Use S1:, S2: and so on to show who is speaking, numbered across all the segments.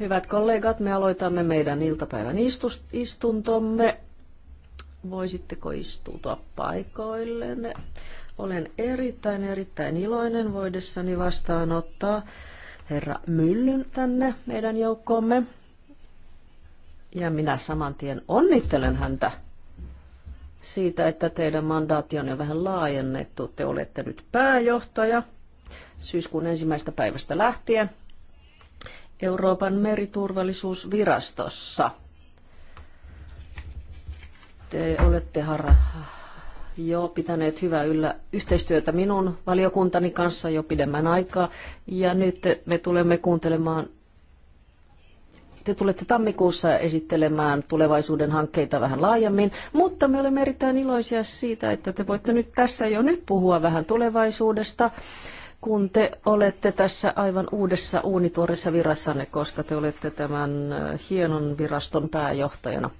S1: Hyvät kollegat, me aloitamme meidän iltapäivän istuntomme. Voisitteko istua paikoillenne? Olen erittäin, erittäin iloinen voidessani vastaanottaa herra Myllyn tänne meidän joukkoomme. Ja minä saman tien onnittelen häntä siitä, että teidän mandaatti on jo vähän laajennettu. Te olette nyt pääjohtaja syyskuun ensimmäistä päivästä lähtien Euroopan meriturvallisuusvirastossa. Te olette harra, jo pitäneet hyvää yllä yhteistyötä minun valiokuntani kanssa jo pidemmän aikaa. Ja nyt me tulemme kuuntelemaan, te tulette tammikuussa esittelemään tulevaisuuden hankkeita vähän laajemmin, mutta me olemme erittäin iloisia siitä, että te voitte nyt tässä jo nyt puhua vähän tulevaisuudesta kun te olette tässä aivan uudessa uunituoressa virassanne, koska te olette tämän äh, hienon viraston pääjohtajana.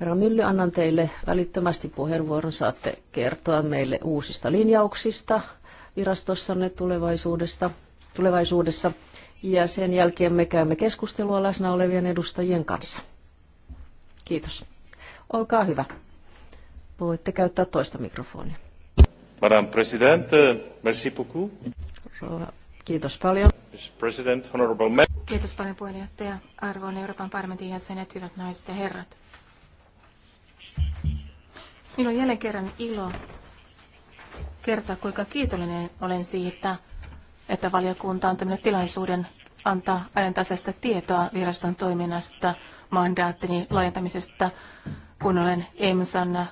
S1: Herra Mylly, annan teille välittömästi puheenvuoron. Saatte kertoa meille uusista linjauksista virastossanne tulevaisuudesta, tulevaisuudessa. Ja sen jälkeen me käymme keskustelua läsnä olevien edustajien kanssa. Kiitos. Olkaa hyvä. Voitte käyttää toista mikrofonia.
S2: Madame President, merci beaucoup.
S3: Kiitos
S1: paljon.
S2: President, honorable
S3: Kiitos paljon puheenjohtaja. Arvon Euroopan parlamentin jäsenet, hyvät naiset ja herrat. Minulla on jälleen kerran ilo kertoa, kuinka kiitollinen olen siitä, että valiokunta on tämmöinen tilaisuuden antaa ajantasaista tietoa viraston toiminnasta, mandaattini laajentamisesta, kun olen EMSan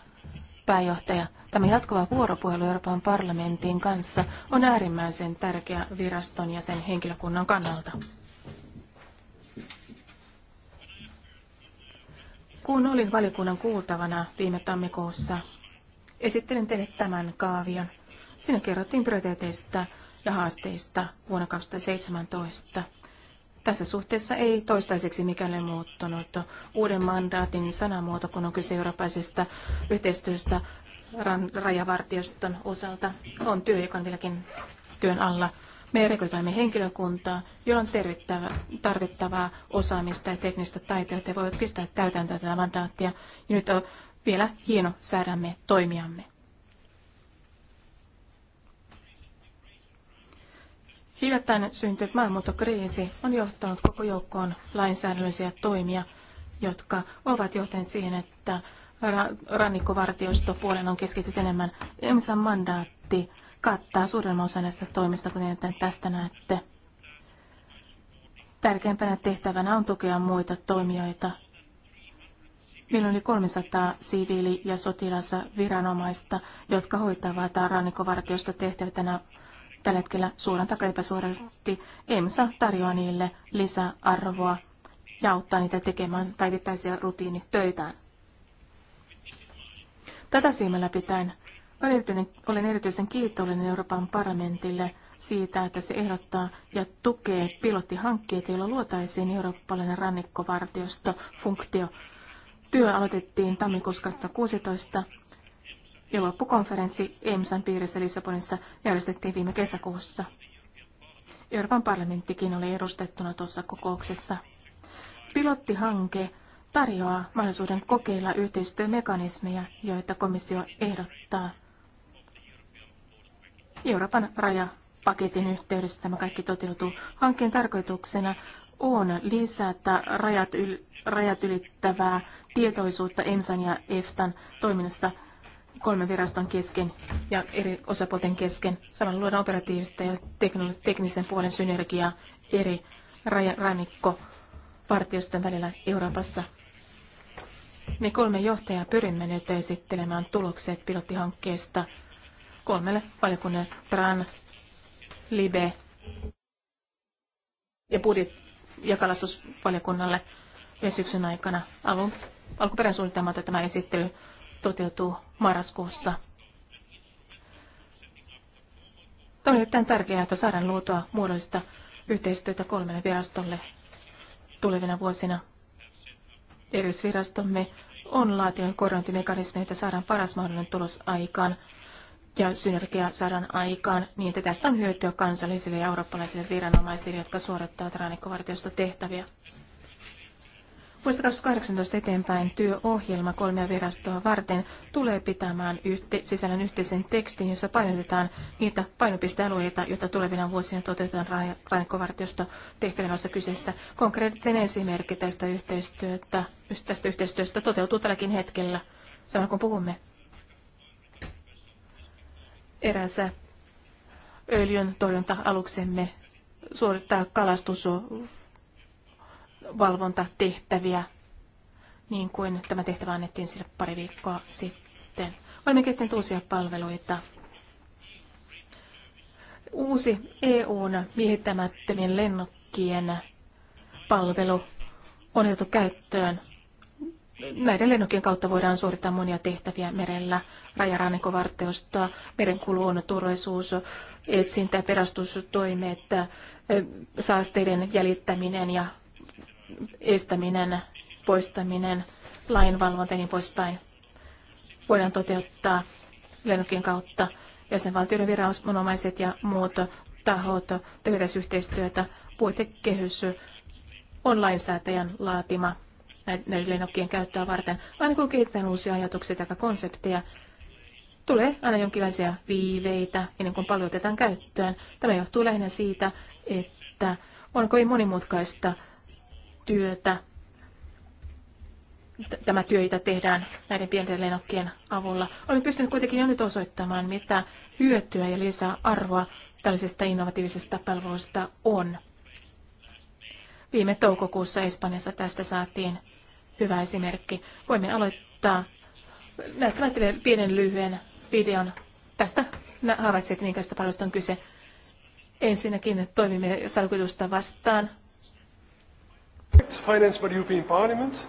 S3: pääjohtaja. Tämä jatkuva vuoropuhelu Euroopan parlamentin kanssa on äärimmäisen tärkeä viraston ja sen henkilökunnan kannalta. Kun olin valiokunnan kuultavana viime tammikuussa, esittelin teille tämän kaavion. Siinä kerrottiin prioriteeteista ja haasteista vuonna 2017. Tässä suhteessa ei toistaiseksi mikään ole muuttunut. Uuden mandaatin sanamuoto, kun on kyse eurooppaisesta yhteistyöstä rajavartioston osalta, on työ, joka on vieläkin työn alla. Me rekrytoimme henkilökuntaa, jolla on tarvittavaa osaamista ja teknistä taitoa, että voivat pistää täytäntöön tätä mandaattia. Ja nyt on vielä hieno säädämme toimiamme. Hiljattain syntynyt maahanmuuttokriisi on johtanut koko joukkoon lainsäädännöllisiä toimia, jotka ovat johtaneet siihen, että ra- rannikkovartiostopuolen on keskityt enemmän. EMSAn mandaatti kattaa suurimman osan näistä toimista, kuten tästä näette. Tärkeimpänä tehtävänä on tukea muita toimijoita. Meillä oli 300 siviili- ja sotilasviranomaista, jotka hoitavat rannikkovartiosta tehtävä tänä Tällä hetkellä suoraan tai epäsuorasti EMSA tarjoaa niille lisäarvoa ja auttaa niitä tekemään päivittäisiä rutiinitöitään. Tätä silmällä pitäen olen erityisen kiitollinen Euroopan parlamentille siitä, että se ehdottaa ja tukee pilottihankkeita, joilla luotaisiin eurooppalainen rannikkovartiosto funktio. Työ aloitettiin tammikuussa 2016 ja loppukonferenssi EMSAn piirissä Lissabonissa järjestettiin viime kesäkuussa. Euroopan parlamenttikin oli edustettuna tuossa kokouksessa. Pilottihanke tarjoaa mahdollisuuden kokeilla yhteistyömekanismeja, joita komissio ehdottaa. Euroopan rajapaketin yhteydessä tämä kaikki toteutuu. Hankkeen tarkoituksena on lisätä rajat, yl- rajat ylittävää tietoisuutta EMSAN ja EFTAn toiminnassa kolmen viraston kesken ja eri osapuolten kesken. Samalla luodaan operatiivista ja teknisen puolen synergiaa eri rannikko välillä Euroopassa. Me kolme johtajaa pyrimme nyt esittelemään tulokset pilottihankkeesta kolmelle valiokunnalle TRAN, LIBE ja budjet- ja kalastusvaliokunnalle ja syksyn aikana alun alkuperäisuunnitelmalta tämä esittely toteutuu marraskuussa. On erittäin tärkeää, että saadaan luotua muodollista yhteistyötä kolmelle virastolle tulevina vuosina. Erillisvirastomme on laatinut koronantimekanismeja, että saadaan paras mahdollinen tulos aikaan ja synergia saadaan aikaan, niin että tästä on hyötyä kansallisille ja eurooppalaisille viranomaisille, jotka suorittavat rannikkovartiosta tehtäviä. Vuodesta 2018 eteenpäin työohjelma kolmea virastoa varten tulee pitämään yhte, sisällön yhteisen tekstin, jossa painotetaan niitä painopistealueita, joita tulevina vuosina toteutetaan rannikkovartiosta tehtävässä kyseessä. Konkreettinen esimerkki tästä yhteistyöstä, tästä yhteistyöstä toteutuu tälläkin hetkellä, samalla kun puhumme. Eränsä öljyn torjunta-aluksemme suorittaa kalastus valvontatehtäviä, niin kuin tämä tehtävä annettiin sille pari viikkoa sitten. Olemme kehittäneet uusia palveluita. Uusi EUn miehittämättömien lennokkien palvelu on otettu käyttöön. Näiden lennokkien kautta voidaan suorittaa monia tehtäviä merellä, rajarannikkovarteustoa, merenkulun turvallisuus, etsintä, perastustoimet, saasteiden jäljittäminen ja estäminen, poistaminen, lainvalvonta ja niin poispäin voidaan toteuttaa lennokin kautta. Jäsenvaltioiden viranomaiset ja muut tahot tekevät yhteistyötä. Puitekehys on lainsäätäjän laatima näiden lennokkien käyttöä varten. Aina kun kehitetään uusia ajatuksia tai konsepteja, tulee aina jonkinlaisia viiveitä ennen kuin paljon otetaan käyttöön. Tämä johtuu lähinnä siitä, että on kovin monimutkaista työtä, tämä työ, jota tehdään näiden pienten lennokkien avulla. Olen pystynyt kuitenkin jo nyt osoittamaan, mitä hyötyä ja lisää arvoa tällaisesta innovatiivisesta palvelusta on. Viime toukokuussa Espanjassa tästä saatiin hyvä esimerkki. Voimme aloittaa näyttämään pienen lyhyen videon. Tästä Havaitsit, minkästä palvelusta on kyse. Ensinnäkin toimimme salkutusta vastaan Financed
S4: by the European Parliament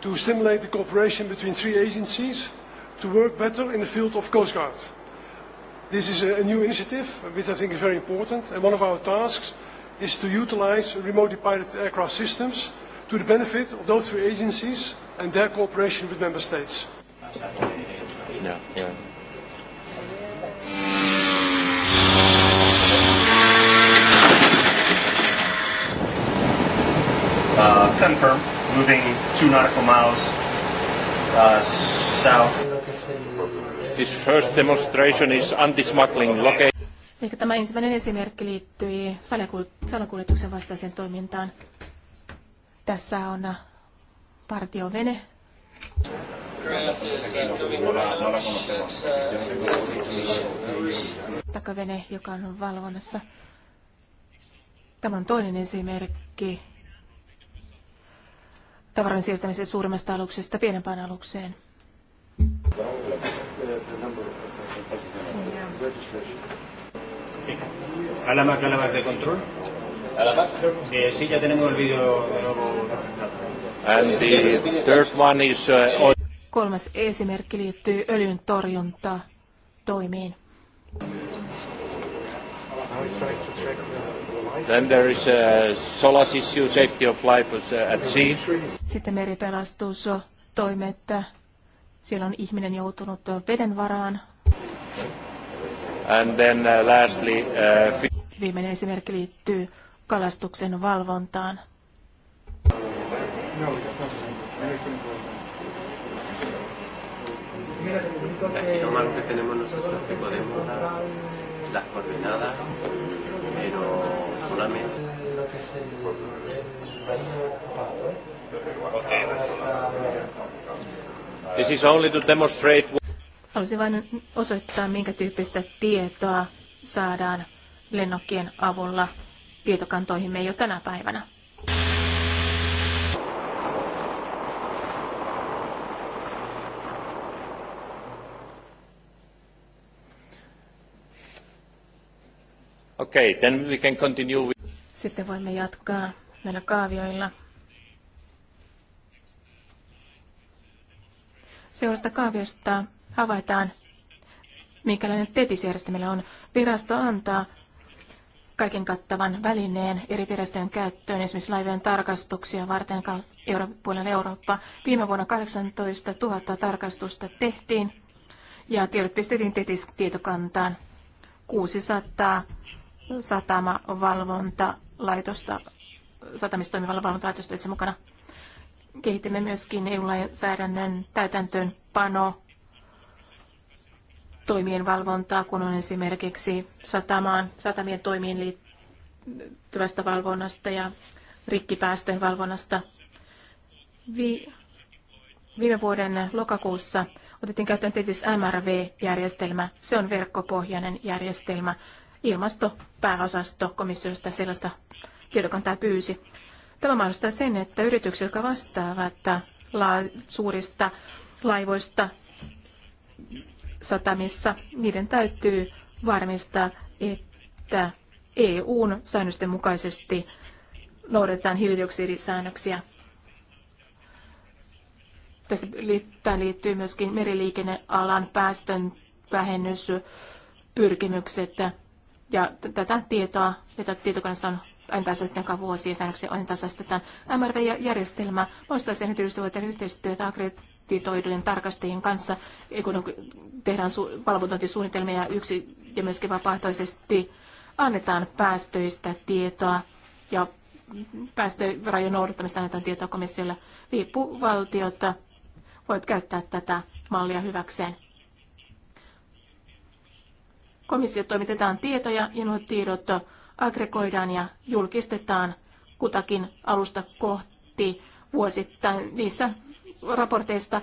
S4: to stimulate the cooperation between three agencies to work better in the field of Coast Guard. This is a new initiative, which I think is very important, and one of our tasks is to utilize remotely piloted aircraft systems to the benefit of those three agencies and their cooperation with member states.
S3: yeah. uh,
S4: confirm, moving two nautical miles uh, south. This first demonstration is anti-smuggling location.
S3: Ehkä tämä ensimmäinen esimerkki liittyi salakuljetuksen vastaiseen toimintaan. Tässä on äh, partiovene. Takavene, joka on valvonnassa. Tämä on toinen esimerkki tavaran siirtämisen suuremmasta aluksesta pienempään alukseen. de control. ¿A Eh, sí, ya tenemos el And the third one is, uh, oil. Kolmas esimerkki liittyy öljyn torjunta toimiin. Now
S2: to check the Then there is a SOLAS issue, safety of life uh, at sea.
S3: Sitten meripelastus että Siellä on ihminen joutunut veden varaan.
S2: And then uh, lastly, uh,
S3: Viimeinen esimerkki liittyy kalastuksen valvontaan. No,
S1: las coordenadas, pero solamente.
S2: This is only to demonstrate.
S3: Haluaisin vain osoittaa, minkä tyyppistä tietoa saadaan lennokkien avulla tietokantoihimme jo tänä päivänä.
S2: Okay, then we can continue with...
S3: Sitten voimme jatkaa näillä kaavioilla. Seuraavasta kaaviosta havaitaan, minkälainen tetis on. Virasto antaa kaiken kattavan välineen eri virastojen käyttöön, esimerkiksi laivojen tarkastuksia varten euro, puolella Eurooppa. Viime vuonna 18 000 tarkastusta tehtiin ja tiedot pistettiin TETIS-tietokantaan. 600 satamavalvontalaitosta, toimivalla valvontalaitosta itse mukana. Kehitimme myöskin EU-lainsäädännön täytäntöönpano toimien valvontaa, kun on esimerkiksi satamaan, satamien toimiin liittyvästä valvonnasta ja rikkipäästöjen valvonnasta. Vi, viime vuoden lokakuussa otettiin käyttöön tietysti MRV-järjestelmä. Se on verkkopohjainen järjestelmä ilmastopääosasto komissiosta sellaista tietokantaa pyysi. Tämä mahdollistaa sen, että yritykset, jotka vastaavat suurista laivoista satamissa, niiden täytyy varmistaa, että EUn säännösten mukaisesti noudatetaan hiilidioksidisäännöksiä. Tässä liittyy myöskin meriliikennealan päästön vähennyspyrkimykset ja tätä tietoa, jota tietokannassa on aina vuosi ja säännöksiä, aina tasaistetaan. MRV-järjestelmä poistaa sen yhteistyötä, yhteistyötä akkreditoidujen tarkastajien kanssa, kun tehdään su- valvontointisuunnitelmia ja, yksi, ja myöskin vapaaehtoisesti annetaan päästöistä tietoa ja päästörajojen noudattamista annetaan tietoa komissiolle. Riippuvaltiota voit käyttää tätä mallia hyväkseen. Komissio toimitetaan tietoja ja nuo tiedot aggregoidaan ja julkistetaan kutakin alusta kohti vuosittain. Niissä raporteista,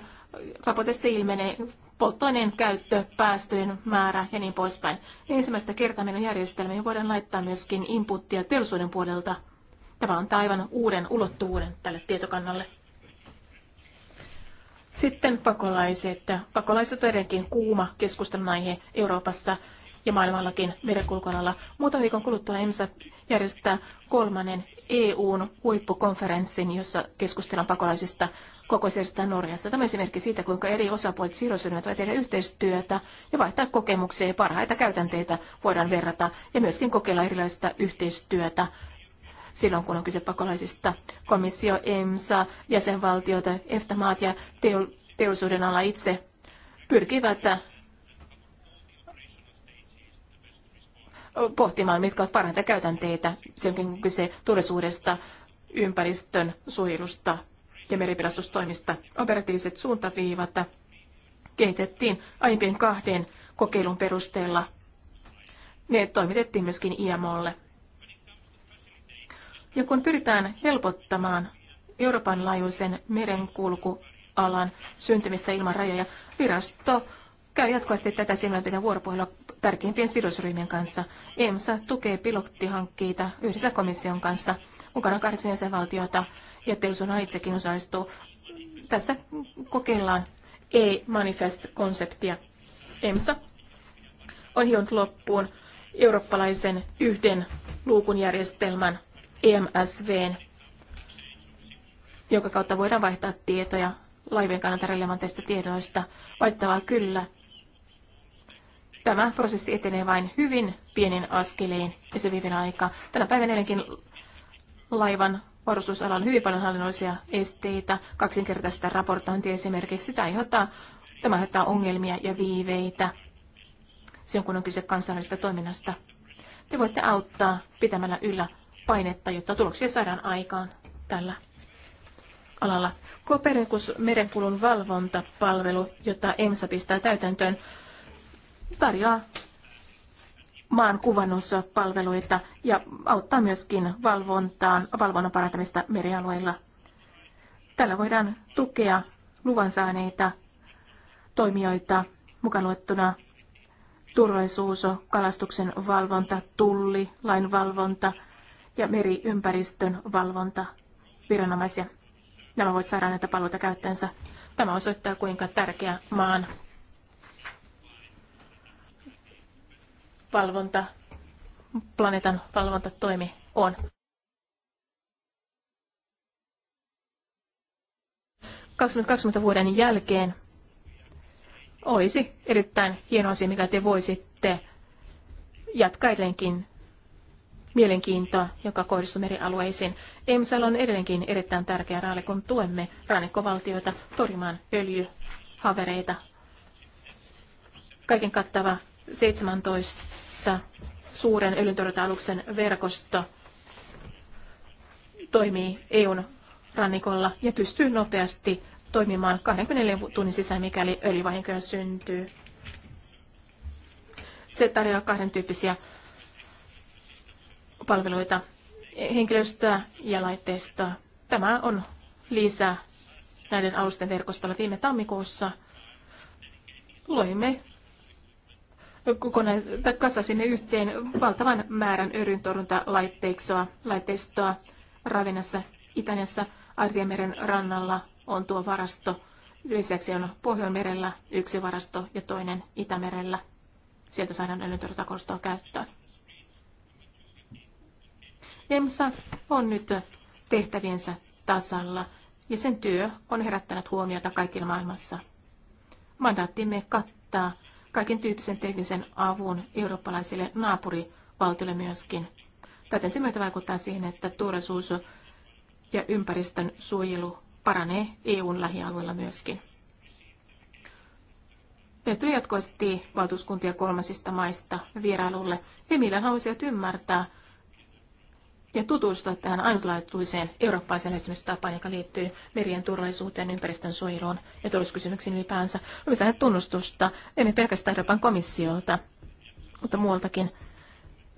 S3: raporteista ilmenee polttoaineen käyttö, päästöjen määrä ja niin poispäin. Ensimmäistä kertaa meidän järjestelmiin voidaan laittaa myöskin inputtia teollisuuden puolelta. Tämä antaa aivan uuden ulottuvuuden tälle tietokannalle. Sitten pakolaiset. Pakolaiset on edelleenkin kuuma keskustelun aihe Euroopassa ja maailmallakin merenkulkualalla. Muutaman viikon kuluttua EMSA järjestää kolmannen EUn huippukonferenssin, jossa keskustellaan pakolaisista koko Norjassa. Tämä esimerkki siitä, kuinka eri osapuolet sidosryhmät voivat tehdä yhteistyötä ja vaihtaa kokemuksia ja parhaita käytänteitä voidaan verrata ja myöskin kokeilla erilaista yhteistyötä silloin, kun on kyse pakolaisista. Komissio, EMSA, jäsenvaltiot, EFTA-maat ja teollisuuden ala itse pyrkivät pohtimaan, mitkä ovat parhaita käytänteitä, silloin kun kyse turvallisuudesta, ympäristön suojelusta ja meripelastustoimista. Operatiiviset suuntaviivat kehitettiin aiempien kahden kokeilun perusteella. Ne toimitettiin myöskin IMOlle. Ja kun pyritään helpottamaan Euroopan laajuisen merenkulkualan syntymistä ilman rajoja, virasto käy jatkuvasti tätä silmällä vuoropuhelua tärkeimpien sidosryhmien kanssa. EMSA tukee pilottihankkeita yhdessä komission kanssa. Mukana kahdeksan jäsenvaltiota ja teollisuus itsekin osallistuu. Tässä kokeillaan e-manifest-konseptia. EMSA on hionnut loppuun eurooppalaisen yhden luukun järjestelmän EMSVn, jonka kautta voidaan vaihtaa tietoja laivien kannalta relevanteista tiedoista. Vaihtavaa kyllä, Tämä prosessi etenee vain hyvin pienin askelein ja se viivin aika. Tänä päivänä edelleenkin laivan varustusala on hyvin paljon hallinnollisia esteitä, kaksinkertaista raportointia esimerkiksi. Sitä aiheuttaa, tämä aiheuttaa ongelmia ja viiveitä silloin, kun on kyse kansainvälisestä toiminnasta. Te voitte auttaa pitämällä yllä painetta, jotta tuloksia saadaan aikaan tällä alalla. Kopernikus merenkulun valvontapalvelu, jota EMSA pistää täytäntöön, tarjoaa maan kuvannuspalveluita ja auttaa myöskin valvontaan, valvonnan parantamista merialueilla. Tällä voidaan tukea luvan saaneita toimijoita, mukaan luettuna turvallisuus, kalastuksen valvonta, tulli, lainvalvonta ja meriympäristön valvonta viranomaisia. Nämä voivat saada näitä palveluita käyttäensä. Tämä osoittaa, kuinka tärkeä maan valvonta, planeetan valvontatoimi on. kaksikymmentä vuoden jälkeen olisi erittäin hieno asia, mikä te voisitte jatkaa edelleenkin mielenkiintoa, joka kohdistuu merialueisiin. EMSAL on edelleenkin erittäin tärkeä raali, kun tuemme rannikkovaltioita torjumaan öljyhavereita. Kaiken kattava 17 että suuren öljyntorjunta-aluksen verkosto toimii EUn rannikolla ja pystyy nopeasti toimimaan 24 tunnin sisään, mikäli öljyvahinkoja syntyy. Se tarjoaa kahden tyyppisiä palveluita, henkilöstöä ja laitteistoa. Tämä on lisää näiden alusten verkostolla. Viime tammikuussa loimme kone, tai kasasimme yhteen valtavan määrän öljyntorjuntalaitteistoa laitteistoa Ravenassa, Itänessä, Adriameren rannalla on tuo varasto. Lisäksi on Pohjanmerellä yksi varasto ja toinen Itämerellä. Sieltä saadaan öljyntorjuntakorstoa käyttöön. EMSA on nyt tehtäviensä tasalla ja sen työ on herättänyt huomiota kaikilla maailmassa. Mandaattimme kattaa kaiken tyyppisen teknisen avun eurooppalaisille naapurivaltioille myöskin. Täten se myötä vaikuttaa siihen, että turvallisuus ja ympäristön suojelu paranee EUn lähialueilla myöskin. Me jatkoisesti valtuuskuntia kolmasista maista vierailulle. He millään ymmärtää, ja tutustua tähän ainutlaatuiseen eurooppalaiseen lähestymistapaan, joka liittyy merien turvallisuuteen, ympäristön suojeluun ja turvallisuuskysymyksiin ylipäänsä. Olemme saaneet tunnustusta, emme pelkästään Euroopan komissiolta, mutta muualtakin.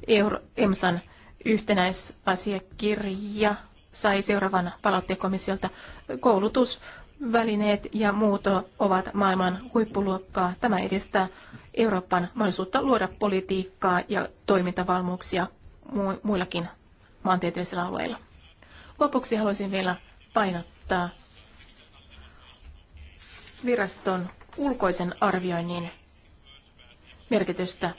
S3: Euro- EMSAn yhtenäisasiakirja sai seuraavan palautteen komissiolta. Koulutusvälineet ja muut ovat maailman huippuluokkaa. Tämä edistää Euroopan mahdollisuutta luoda politiikkaa ja toimintavalmuuksia muillakin maantieteellisillä alueilla. Lopuksi haluaisin vielä painottaa viraston ulkoisen arvioinnin merkitystä.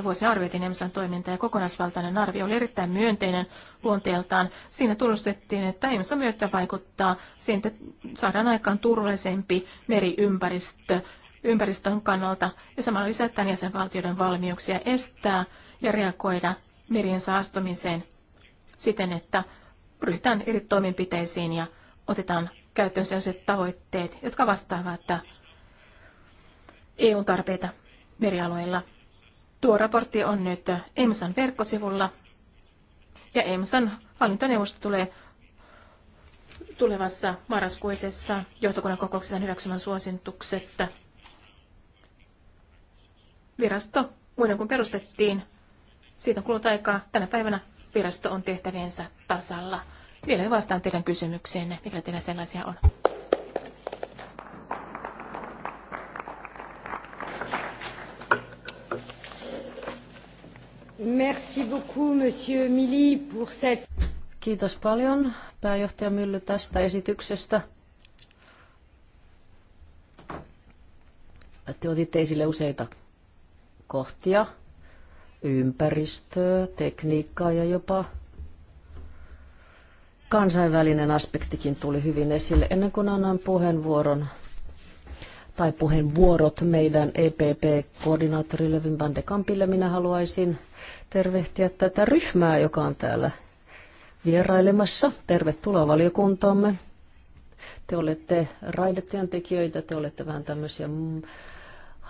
S3: 2016-2017 vuosina arvioitiin EMSAn toimintaa ja kokonaisvaltainen arvio oli erittäin myönteinen luonteeltaan. Siinä tunnustettiin, että EMSA myötä vaikuttaa siihen, että saadaan aikaan turvallisempi meriympäristö ympäristön kannalta ja samalla lisätään jäsenvaltioiden valmiuksia estää ja reagoida merien saastumiseen siten, että ryhdytään eri toimenpiteisiin ja otetaan käyttöön sellaiset tavoitteet, jotka vastaavat EUn tarpeita merialueilla. Tuo raportti on nyt EMSAn verkkosivulla ja EMSAn hallintoneuvosto tulee tulevassa marraskuisessa johtokunnan kokouksessa hyväksymän suositukset Virasto muina kuin perustettiin, siitä on kulunut aikaa. Tänä päivänä virasto on tehtäviensä tasalla. Vielä vastaan teidän kysymykseenne, mikä teillä sellaisia on.
S1: Merci beaucoup, monsieur Mili, pour cette... Kiitos paljon pääjohtaja Mylly tästä esityksestä. Te otitte esille useita kohtia, ympäristöä, tekniikkaa ja jopa kansainvälinen aspektikin tuli hyvin esille. Ennen kuin annan puheenvuoron tai puheenvuorot meidän EPP-koordinaattori Levin Bandekampille, minä haluaisin tervehtiä tätä ryhmää, joka on täällä vierailemassa. Tervetuloa valiokuntaamme. Te olette raidetyöntekijöitä, te olette vähän tämmöisiä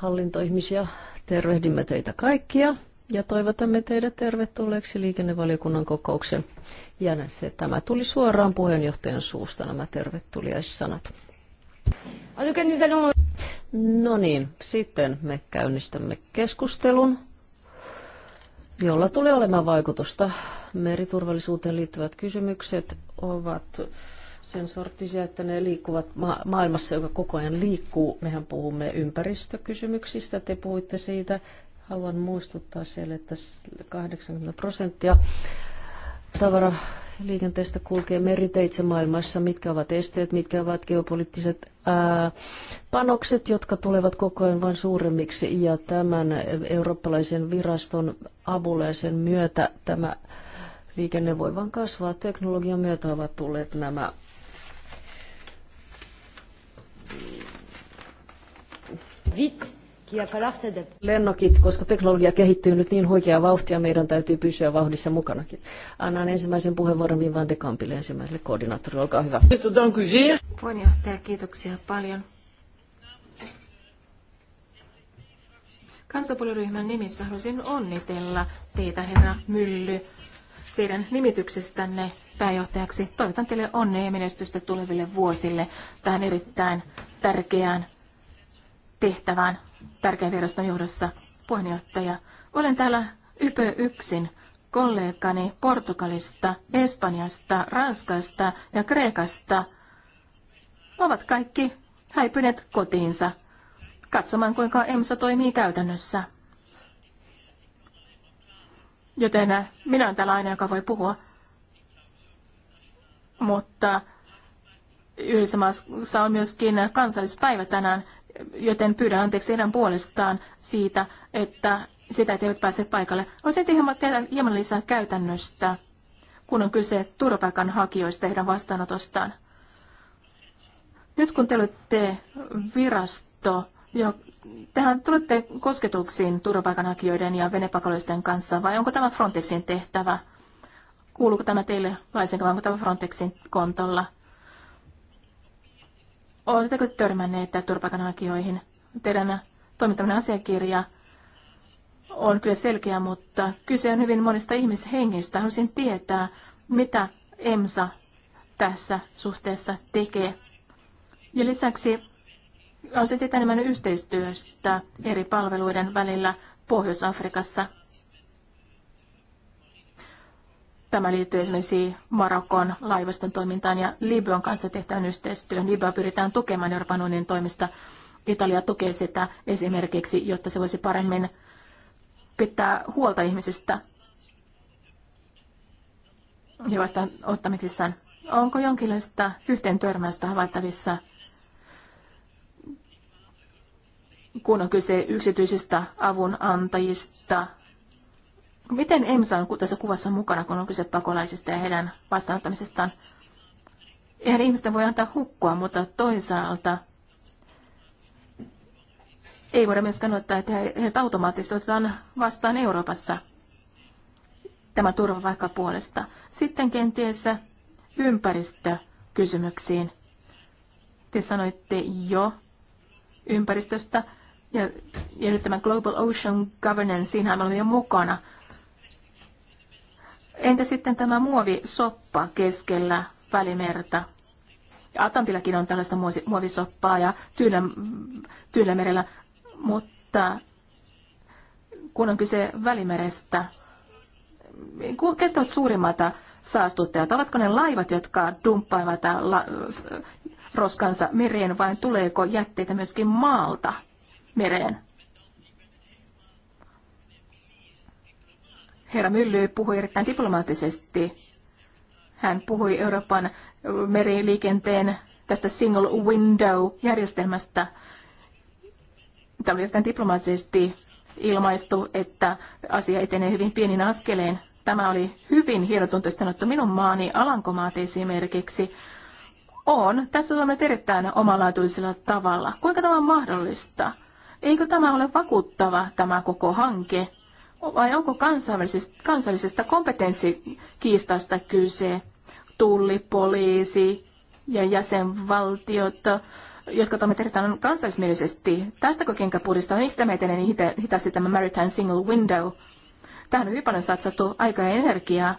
S1: hallintoihmisiä. Tervehdimme teitä kaikkia ja toivotamme teidät tervetulleeksi liikennevaliokunnan kokouksen. Ja näistä, tämä tuli suoraan puheenjohtajan suusta nämä tervetuliaissanat. No niin, sitten me käynnistämme keskustelun, jolla tulee olemaan vaikutusta. Meriturvallisuuteen liittyvät kysymykset ovat sen sorttisia, että ne liikkuvat ma- maailmassa, joka koko ajan liikkuu. Mehän puhumme ympäristökysymyksistä, te puhuitte siitä. Haluan muistuttaa siellä, että 80 prosenttia tavara liikenteestä kulkee meriteitse maailmassa, mitkä ovat esteet, mitkä ovat geopoliittiset ää, panokset, jotka tulevat koko ajan vain suuremmiksi. Ja tämän eurooppalaisen viraston avulla ja sen myötä tämä liikenne voi vain kasvaa. Teknologian myötä ovat tulleet nämä Vit. Lennokit, koska teknologia kehittyy nyt niin huikeaa vauhtia, meidän täytyy pysyä vauhdissa mukanakin. Annan ensimmäisen puheenvuoron Wim van de Kampille ensimmäiselle koordinaattorille. Olkaa hyvä.
S3: Puheenjohtaja, kiitoksia paljon. Kansapuoliryhmän nimissä haluaisin onnitella teitä, herra Mylly, teidän nimityksestänne pääjohtajaksi. Toivotan teille onnea ja menestystä tuleville vuosille tähän erittäin tärkeään tehtävään tärkeän viraston johdossa puheenjohtaja. Olen täällä ypö yksin kollegani Portugalista, Espanjasta, Ranskasta ja Kreikasta ovat kaikki häipyneet kotiinsa katsomaan, kuinka EMSA toimii käytännössä. Joten äh, minä olen täällä aina, joka voi puhua. Mutta yhdessä maassa on myöskin kansallispäivä tänään, joten pyydän anteeksi heidän puolestaan siitä, että sitä, että eivät pääse paikalle. Olisin hieman, tehdä hieman lisää käytännöstä, kun on kyse turvapaikanhakijoista heidän vastaanotostaan. Nyt kun te olette virasto, tähän tulette kosketuksiin turvapaikanhakijoiden ja venepakolaisten kanssa vai onko tämä Frontexin tehtävä? Kuuluuko tämä teille laisinkaan vai onko tämä Frontexin kontolla? Oletteko törmänneet turvapaikanhakijoihin? Teidän toimittaminen asiakirja on kyllä selkeä, mutta kyse on hyvin monista ihmishengistä. Haluaisin tietää, mitä EMSA tässä suhteessa tekee. Ja lisäksi on osoitit enemmän yhteistyöstä eri palveluiden välillä Pohjois-Afrikassa. Tämä liittyy esimerkiksi Marokon laivaston toimintaan ja Libyan kanssa tehtävän yhteistyön. Libya pyritään tukemaan Euroopan unionin toimista. Italia tukee sitä esimerkiksi, jotta se voisi paremmin pitää huolta ihmisistä ja vastaanottamisissaan. Onko jonkinlaista yhteen törmäystä havaittavissa kun on kyse yksityisistä avunantajista. Miten EMSA on tässä kuvassa mukana, kun on kyse pakolaisista ja heidän vastaanottamisestaan? Eihän ihmisten voi antaa hukkua, mutta toisaalta ei voida myöskään ottaa, että heidät automaattisesti otetaan vastaan Euroopassa tämä turvapaikka puolesta. Sitten kenties ympäristökysymyksiin. Te sanoitte jo ympäristöstä. Ja, ja nyt tämän Global Ocean Governance, siinä oli jo mukana. Entä sitten tämä muovisoppa keskellä välimerta? Atlantillakin on tällaista muovisoppaa ja tyynämerellä, mutta kun on kyse välimerestä, ketkä ovat suurimmat saastuttajat? Ovatko ne laivat, jotka dumppaavat roskansa mereen vai tuleeko jätteitä myöskin maalta? mereen. Herra Mylly puhui erittäin diplomaattisesti. Hän puhui Euroopan meriliikenteen tästä single window-järjestelmästä. Tämä oli erittäin diplomaattisesti ilmaistu, että asia etenee hyvin pienin askeleen. Tämä oli hyvin hienotuntoista sanottu. Minun maani Alankomaat esimerkiksi on tässä on erittäin omalaatuisella tavalla. Kuinka tämä on mahdollista? Eikö tämä ole vakuuttava tämä koko hanke? Vai onko kansainvälisestä, kansallisesta kompetenssikiistasta kyse? Tulli, poliisi ja jäsenvaltiot, jotka toimivat erittäin kansallismielisesti. Tästäkö kenkä puristaa? Miksi tämä niin hita hitaasti tämä Maritime Single Window? Tähän on hyvin paljon satsattu aikaa ja energiaa.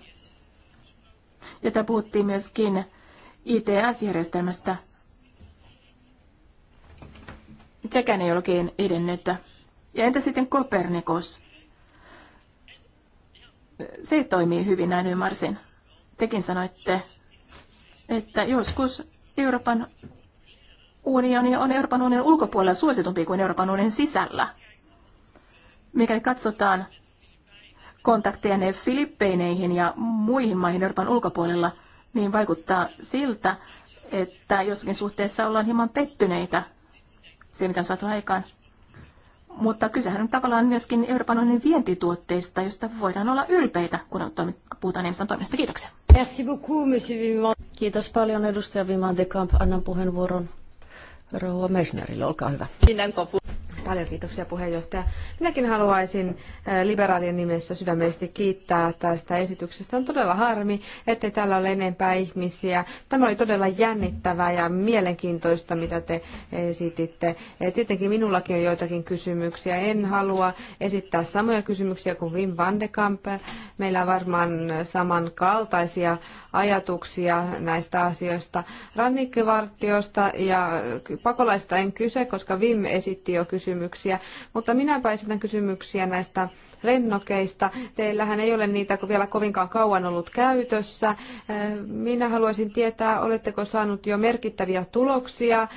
S3: Ja puhuttiin myöskin ITS-järjestelmästä. Sekään ei oikein edennyt. Ja entä sitten Kopernikus? Se toimii hyvin, näin ymmärsin. Tekin sanoitte, että joskus Euroopan unioni on Euroopan unionin ulkopuolella suositumpi kuin Euroopan unionin sisällä. Mikäli katsotaan kontakteja ne Filippeineihin ja muihin maihin Euroopan ulkopuolella, niin vaikuttaa siltä, että joskin suhteessa ollaan hieman pettyneitä se, mitä on saatu aikaan. Mutta kysehän on tavallaan myöskin Euroopan unionin vientituotteista, josta voidaan olla ylpeitä, kun puhutaan EMSan toimesta. Kiitoksia. Merci beaucoup, monsieur Vimant. Kiitos paljon, edustaja Vimant de Camp. Annan puheenvuoron
S1: Rouva Meisnerille, olkaa hyvä. Paljon kiitoksia puheenjohtaja. Minäkin haluaisin
S2: eh, liberaalien nimessä sydämellisesti kiittää tästä esityksestä. On todella harmi, ettei täällä ole enempää ihmisiä. Tämä oli todella jännittävää ja mielenkiintoista, mitä te esititte. Eh, tietenkin minullakin on joitakin kysymyksiä. En halua esittää samoja kysymyksiä kuin Wim van de Kamp. Meillä on varmaan samankaltaisia ajatuksia näistä asioista. Rannikkevartiosta ja pakolaista en kyse, koska Wim esitti jo kysymyksiä kysymyksiä, mutta minäpä esitän kysymyksiä näistä lennokeista. Teillähän ei ole niitä vielä kovinkaan kauan ollut käytössä. Äh, minä haluaisin tietää, oletteko saanut jo merkittäviä tuloksia äh,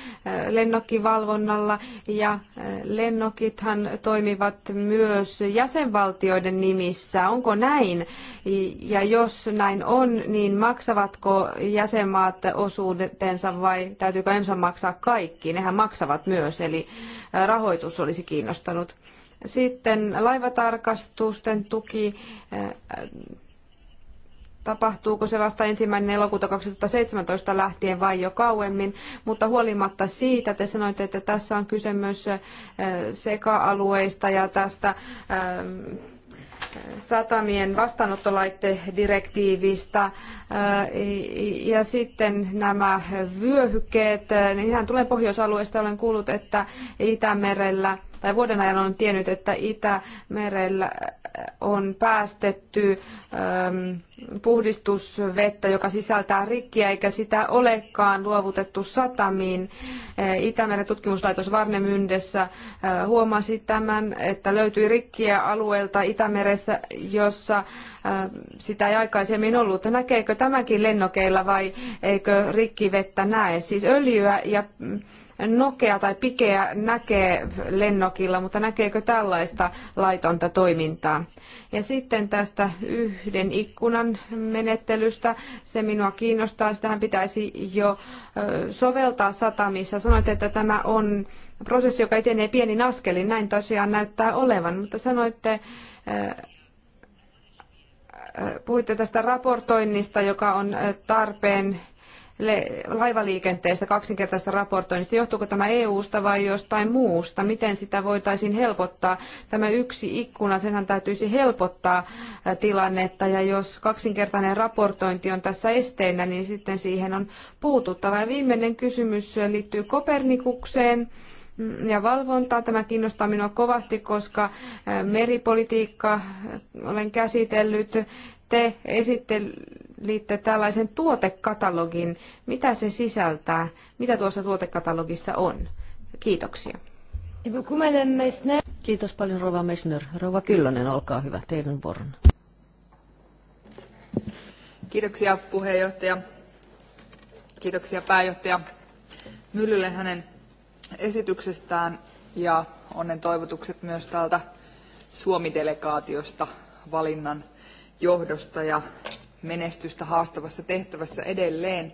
S2: lennokkivalvonnalla ja äh, lennokithan toimivat myös jäsenvaltioiden nimissä. Onko näin? Ja jos näin on, niin maksavatko jäsenmaat osuutensa vai täytyykö EMSA maksaa kaikki? Nehän maksavat myös, eli rahoitus olisi kiinnostanut. Sitten laivatarkastusten tuki, eh, tapahtuuko se vasta ensimmäinen elokuuta 2017 lähtien vai jo kauemmin, mutta huolimatta siitä te sanoitte, että tässä on kyse myös eh, seka-alueista ja tästä eh, satamien vastaanottolaitedirektiivistä ja sitten nämä vyöhykkeet. Niinhän tulee pohjoisalueesta. Olen kuullut, että Itämerellä tai vuoden ajan on tiennyt, että Itämerellä on päästetty ähm, puhdistusvettä, joka sisältää rikkiä, eikä sitä olekaan luovutettu satamiin. Äh, Itämeren tutkimuslaitos Varnemyndessä äh, huomasi tämän, että löytyi rikkiä alueelta Itämerestä, jossa äh, sitä ei aikaisemmin ollut. Näkeekö tämäkin lennokeilla vai eikö rikkivettä näe? Siis öljyä ja mm, nokea tai pikeä näkee lennokilla, mutta näkeekö tällaista laitonta toimintaa? Ja sitten tästä yhden ikkunan menettelystä, se minua kiinnostaa, sitähän pitäisi jo soveltaa satamissa. Sanoit, että tämä on prosessi, joka etenee pienin askelin, näin tosiaan näyttää olevan, mutta sanoitte, puhuitte tästä raportoinnista, joka on tarpeen laivaliikenteestä kaksinkertaista raportoinnista? Johtuuko tämä EU-sta vai jostain muusta? Miten sitä voitaisiin helpottaa? Tämä yksi ikkuna, senhän täytyisi helpottaa tilannetta ja jos kaksinkertainen raportointi on tässä esteenä, niin sitten siihen on puututtava. Ja viimeinen kysymys liittyy Kopernikukseen ja valvontaa. Tämä kiinnostaa minua kovasti, koska meripolitiikka olen käsitellyt te esittelitte tällaisen tuotekatalogin. Mitä se sisältää? Mitä tuossa tuotekatalogissa on?
S1: Kiitoksia. Kiitos paljon Rova Messner. Rova Kyllönen, olkaa hyvä. Teidän vuoron.
S4: Kiitoksia puheenjohtaja. Kiitoksia pääjohtaja Myllylle hänen esityksestään ja onnen toivotukset myös täältä Suomi-delegaatiosta valinnan johdosta ja menestystä haastavassa tehtävässä edelleen.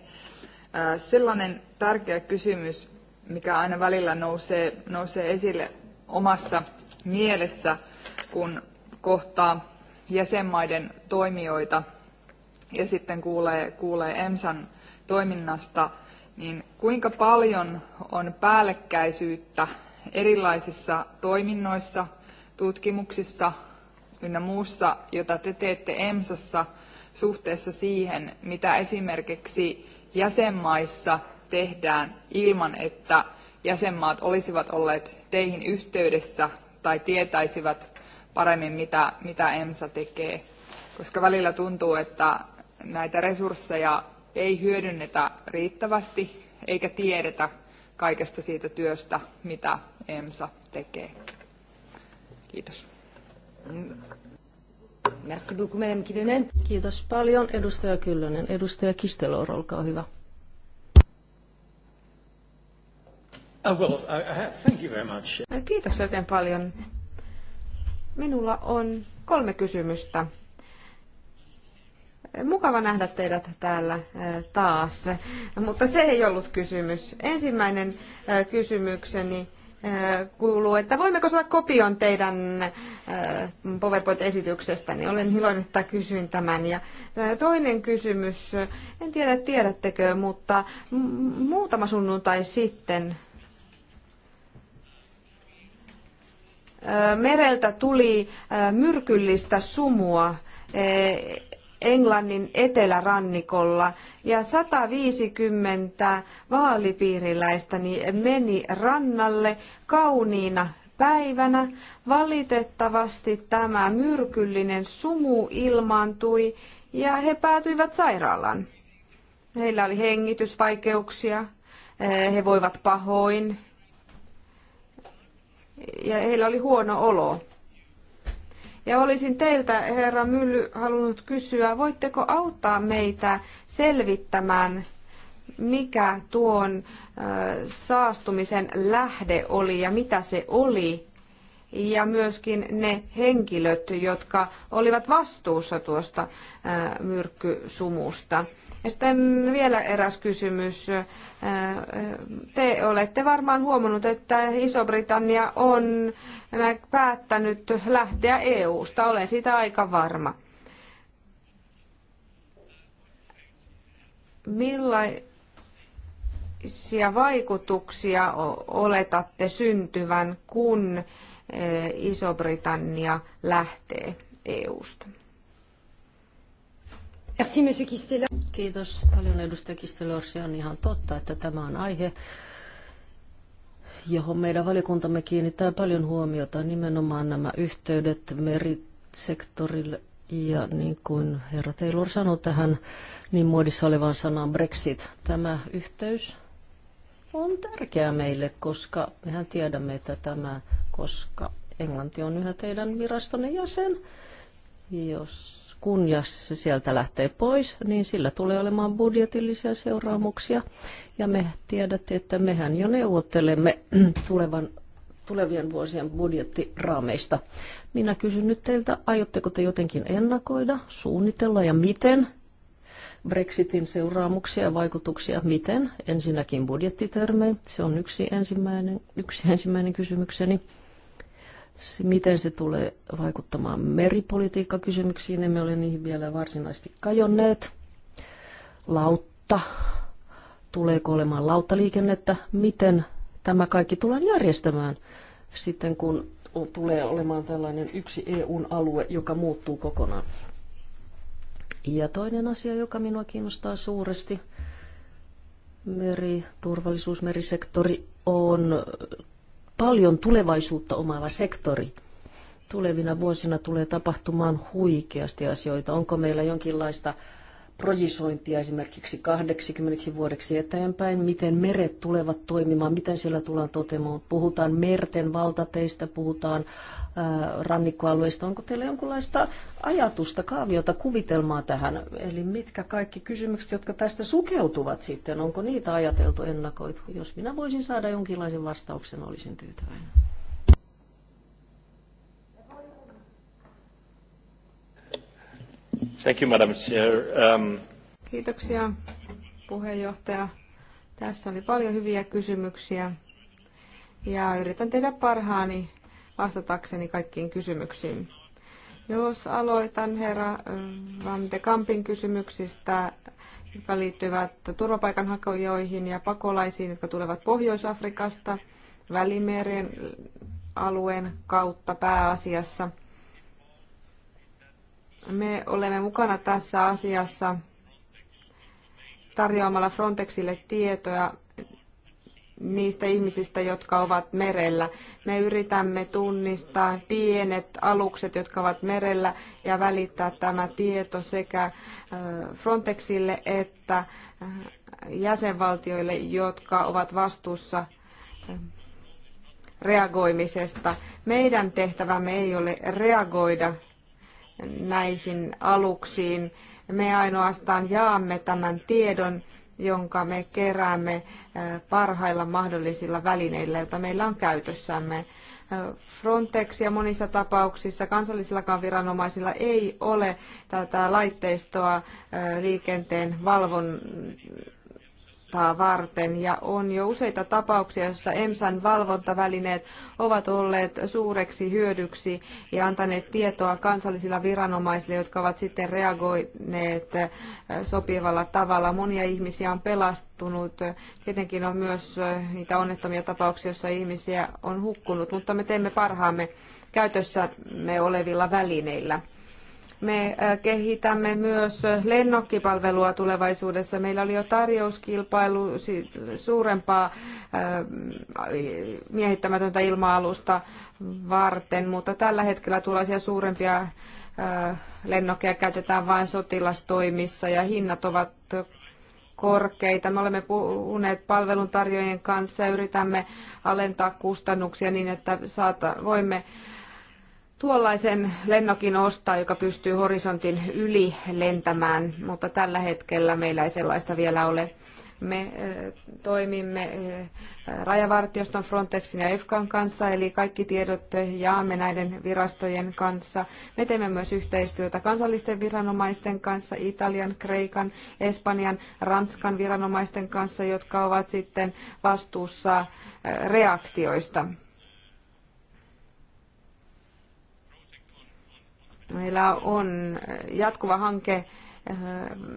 S4: Sellainen tärkeä kysymys, mikä aina välillä nousee, nousee esille omassa mielessä, kun kohtaa jäsenmaiden toimijoita ja sitten kuulee, kuulee EMSAn toiminnasta, niin kuinka paljon on päällekkäisyyttä erilaisissa toiminnoissa, tutkimuksissa, ynnä muussa, jota te teette EMSassa suhteessa siihen, mitä esimerkiksi jäsenmaissa tehdään ilman, että jäsenmaat olisivat olleet teihin yhteydessä tai tietäisivät paremmin, mitä, mitä EMSA tekee. Koska välillä tuntuu, että näitä resursseja ei hyödynnetä riittävästi eikä tiedetä kaikesta siitä työstä, mitä EMSA tekee.
S1: Kiitos. Merci beaucoup, Madame Kilönen. Kiitos paljon, edustaja Kyllönen. Edustaja Kistelor, olkaa hyvä. Oh, well, uh, thank you very much. Kiitos oikein paljon. Minulla
S2: on kolme kysymystä. Mukava nähdä teidät täällä uh, taas, mutta se ei ollut kysymys. Ensimmäinen uh, kysymykseni Äh, kuuluu, että voimmeko saada kopion teidän äh, PowerPoint-esityksestä, niin olen iloinen, että kysyin tämän. Ja äh, toinen kysymys, en tiedä tiedättekö, mutta muutama sunnuntai sitten mereltä tuli myrkyllistä sumua Englannin etelärannikolla ja 150 vaalipiiriläistä meni rannalle kauniina päivänä. Valitettavasti tämä myrkyllinen sumu ilmaantui ja he päätyivät sairaalaan. Heillä oli hengitysvaikeuksia, eh, he voivat pahoin ja heillä oli huono olo. Ja olisin teiltä, herra Mylly, halunnut kysyä, voitteko auttaa meitä selvittämään, mikä tuon saastumisen lähde oli ja mitä se oli, ja myöskin ne henkilöt, jotka olivat vastuussa tuosta myrkkysumusta. Ja sitten vielä eräs kysymys. Te olette varmaan huomannut, että Iso-Britannia on päättänyt lähteä EU-sta. Olen siitä aika varma. Millaisia vaikutuksia oletatte syntyvän, kun Iso-Britannia lähtee EU-sta?
S1: Merci, Monsieur Kiitos paljon edustaja Kistelo. Se on ihan totta, että tämä on aihe, johon meidän valiokuntamme kiinnittää paljon huomiota, nimenomaan nämä yhteydet merisektorille. Ja niin kuin herra Taylor sanoi tähän niin muodissa olevan sanaan Brexit, tämä yhteys on tärkeää meille, koska mehän tiedämme, että tämä, koska Englanti on yhä teidän virastonne jäsen, jos kun se sieltä lähtee pois, niin sillä tulee olemaan budjetillisia seuraamuksia. Ja me tiedätte, että mehän jo neuvottelemme tulevan, tulevien vuosien budjettiraameista. Minä kysyn nyt teiltä, aiotteko te jotenkin ennakoida, suunnitella ja miten Brexitin seuraamuksia ja vaikutuksia. Miten? Ensinnäkin budjettitermein. Se on yksi ensimmäinen, yksi ensimmäinen kysymykseni miten se tulee vaikuttamaan meripolitiikkakysymyksiin. Emme ole niihin vielä varsinaisesti kajonneet. Lautta, tuleeko olemaan lauttaliikennettä, miten tämä kaikki tullaan järjestämään sitten, kun tulee olemaan tällainen yksi EUn alue, joka muuttuu kokonaan. Ja toinen asia, joka minua kiinnostaa suuresti, meriturvallisuus, merisektori on paljon tulevaisuutta omaava sektori. Tulevina vuosina tulee tapahtumaan huikeasti asioita. Onko meillä jonkinlaista äh, projisointia esimerkiksi 80 vuodeksi eteenpäin, miten meret tulevat toimimaan, miten siellä tullaan toteamaan. Puhutaan merten valtateista, puhutaan rannikkoalueista. Onko teillä jonkinlaista ajatusta, kaaviota, kuvitelmaa tähän? Eli mitkä kaikki kysymykset, jotka tästä sukeutuvat sitten, onko niitä ajateltu ennakoitu? Jos minä voisin saada jonkinlaisen vastauksen, olisin tyytyväinen.
S2: Thank you, Madam Chair. Um... Kiitoksia, puheenjohtaja. Tässä oli paljon hyviä kysymyksiä ja yritän tehdä parhaani vastatakseni kaikkiin kysymyksiin. Jos aloitan herra Van de Kampin kysymyksistä, jotka liittyvät turvapaikanhakijoihin ja pakolaisiin, jotka tulevat Pohjois-Afrikasta, Välimeren alueen kautta pääasiassa – me olemme mukana tässä asiassa tarjoamalla Frontexille tietoja niistä ihmisistä, jotka ovat merellä. Me yritämme tunnistaa pienet alukset, jotka ovat merellä ja välittää tämä tieto sekä Frontexille että jäsenvaltioille, jotka ovat vastuussa reagoimisesta. Meidän tehtävämme ei ole reagoida näihin aluksiin. Me ainoastaan jaamme tämän tiedon, jonka me keräämme eh, parhailla mahdollisilla välineillä, joita meillä on käytössämme. Eh, Frontexia monissa tapauksissa kansallisillakaan viranomaisilla ei ole tätä laitteistoa eh, liikenteen valvon valvontaa varten ja on jo useita tapauksia, joissa EMSAn valvontavälineet ovat olleet suureksi hyödyksi ja antaneet tietoa kansallisilla viranomaisille, jotka ovat sitten reagoineet eh, sopivalla tavalla. Monia ihmisiä on pelastunut. Tietenkin on myös eh, niitä onnettomia tapauksia, joissa ihmisiä on hukkunut, mutta me teemme parhaamme käytössämme olevilla välineillä. Me äh, kehitämme myös äh, lennokkipalvelua tulevaisuudessa. Meillä oli jo tarjouskilpailu suurempaa äh, miehittämätöntä ilma-alusta varten, mutta tällä hetkellä tuollaisia suurempia lennokkeja käytetään vain sotilastoimissa ja hinnat ovat korkeita. Me olemme puhuneet palveluntarjoajien kanssa ja yritämme alentaa kustannuksia niin, että saata, voimme tuollaisen lennokin ostaa, joka pystyy horisontin yli lentämään, mutta tällä hetkellä meillä ei sellaista vielä ole. Me eh, toimimme eh, rajavartioston Frontexin ja EFKAn kanssa, eli kaikki tiedot jaamme näiden virastojen kanssa. Me teemme myös yhteistyötä kansallisten viranomaisten kanssa, Italian, Kreikan, Espanjan, Ranskan viranomaisten kanssa, jotka ovat sitten vastuussa eh, reaktioista. Meillä on jatkuva hanke äh,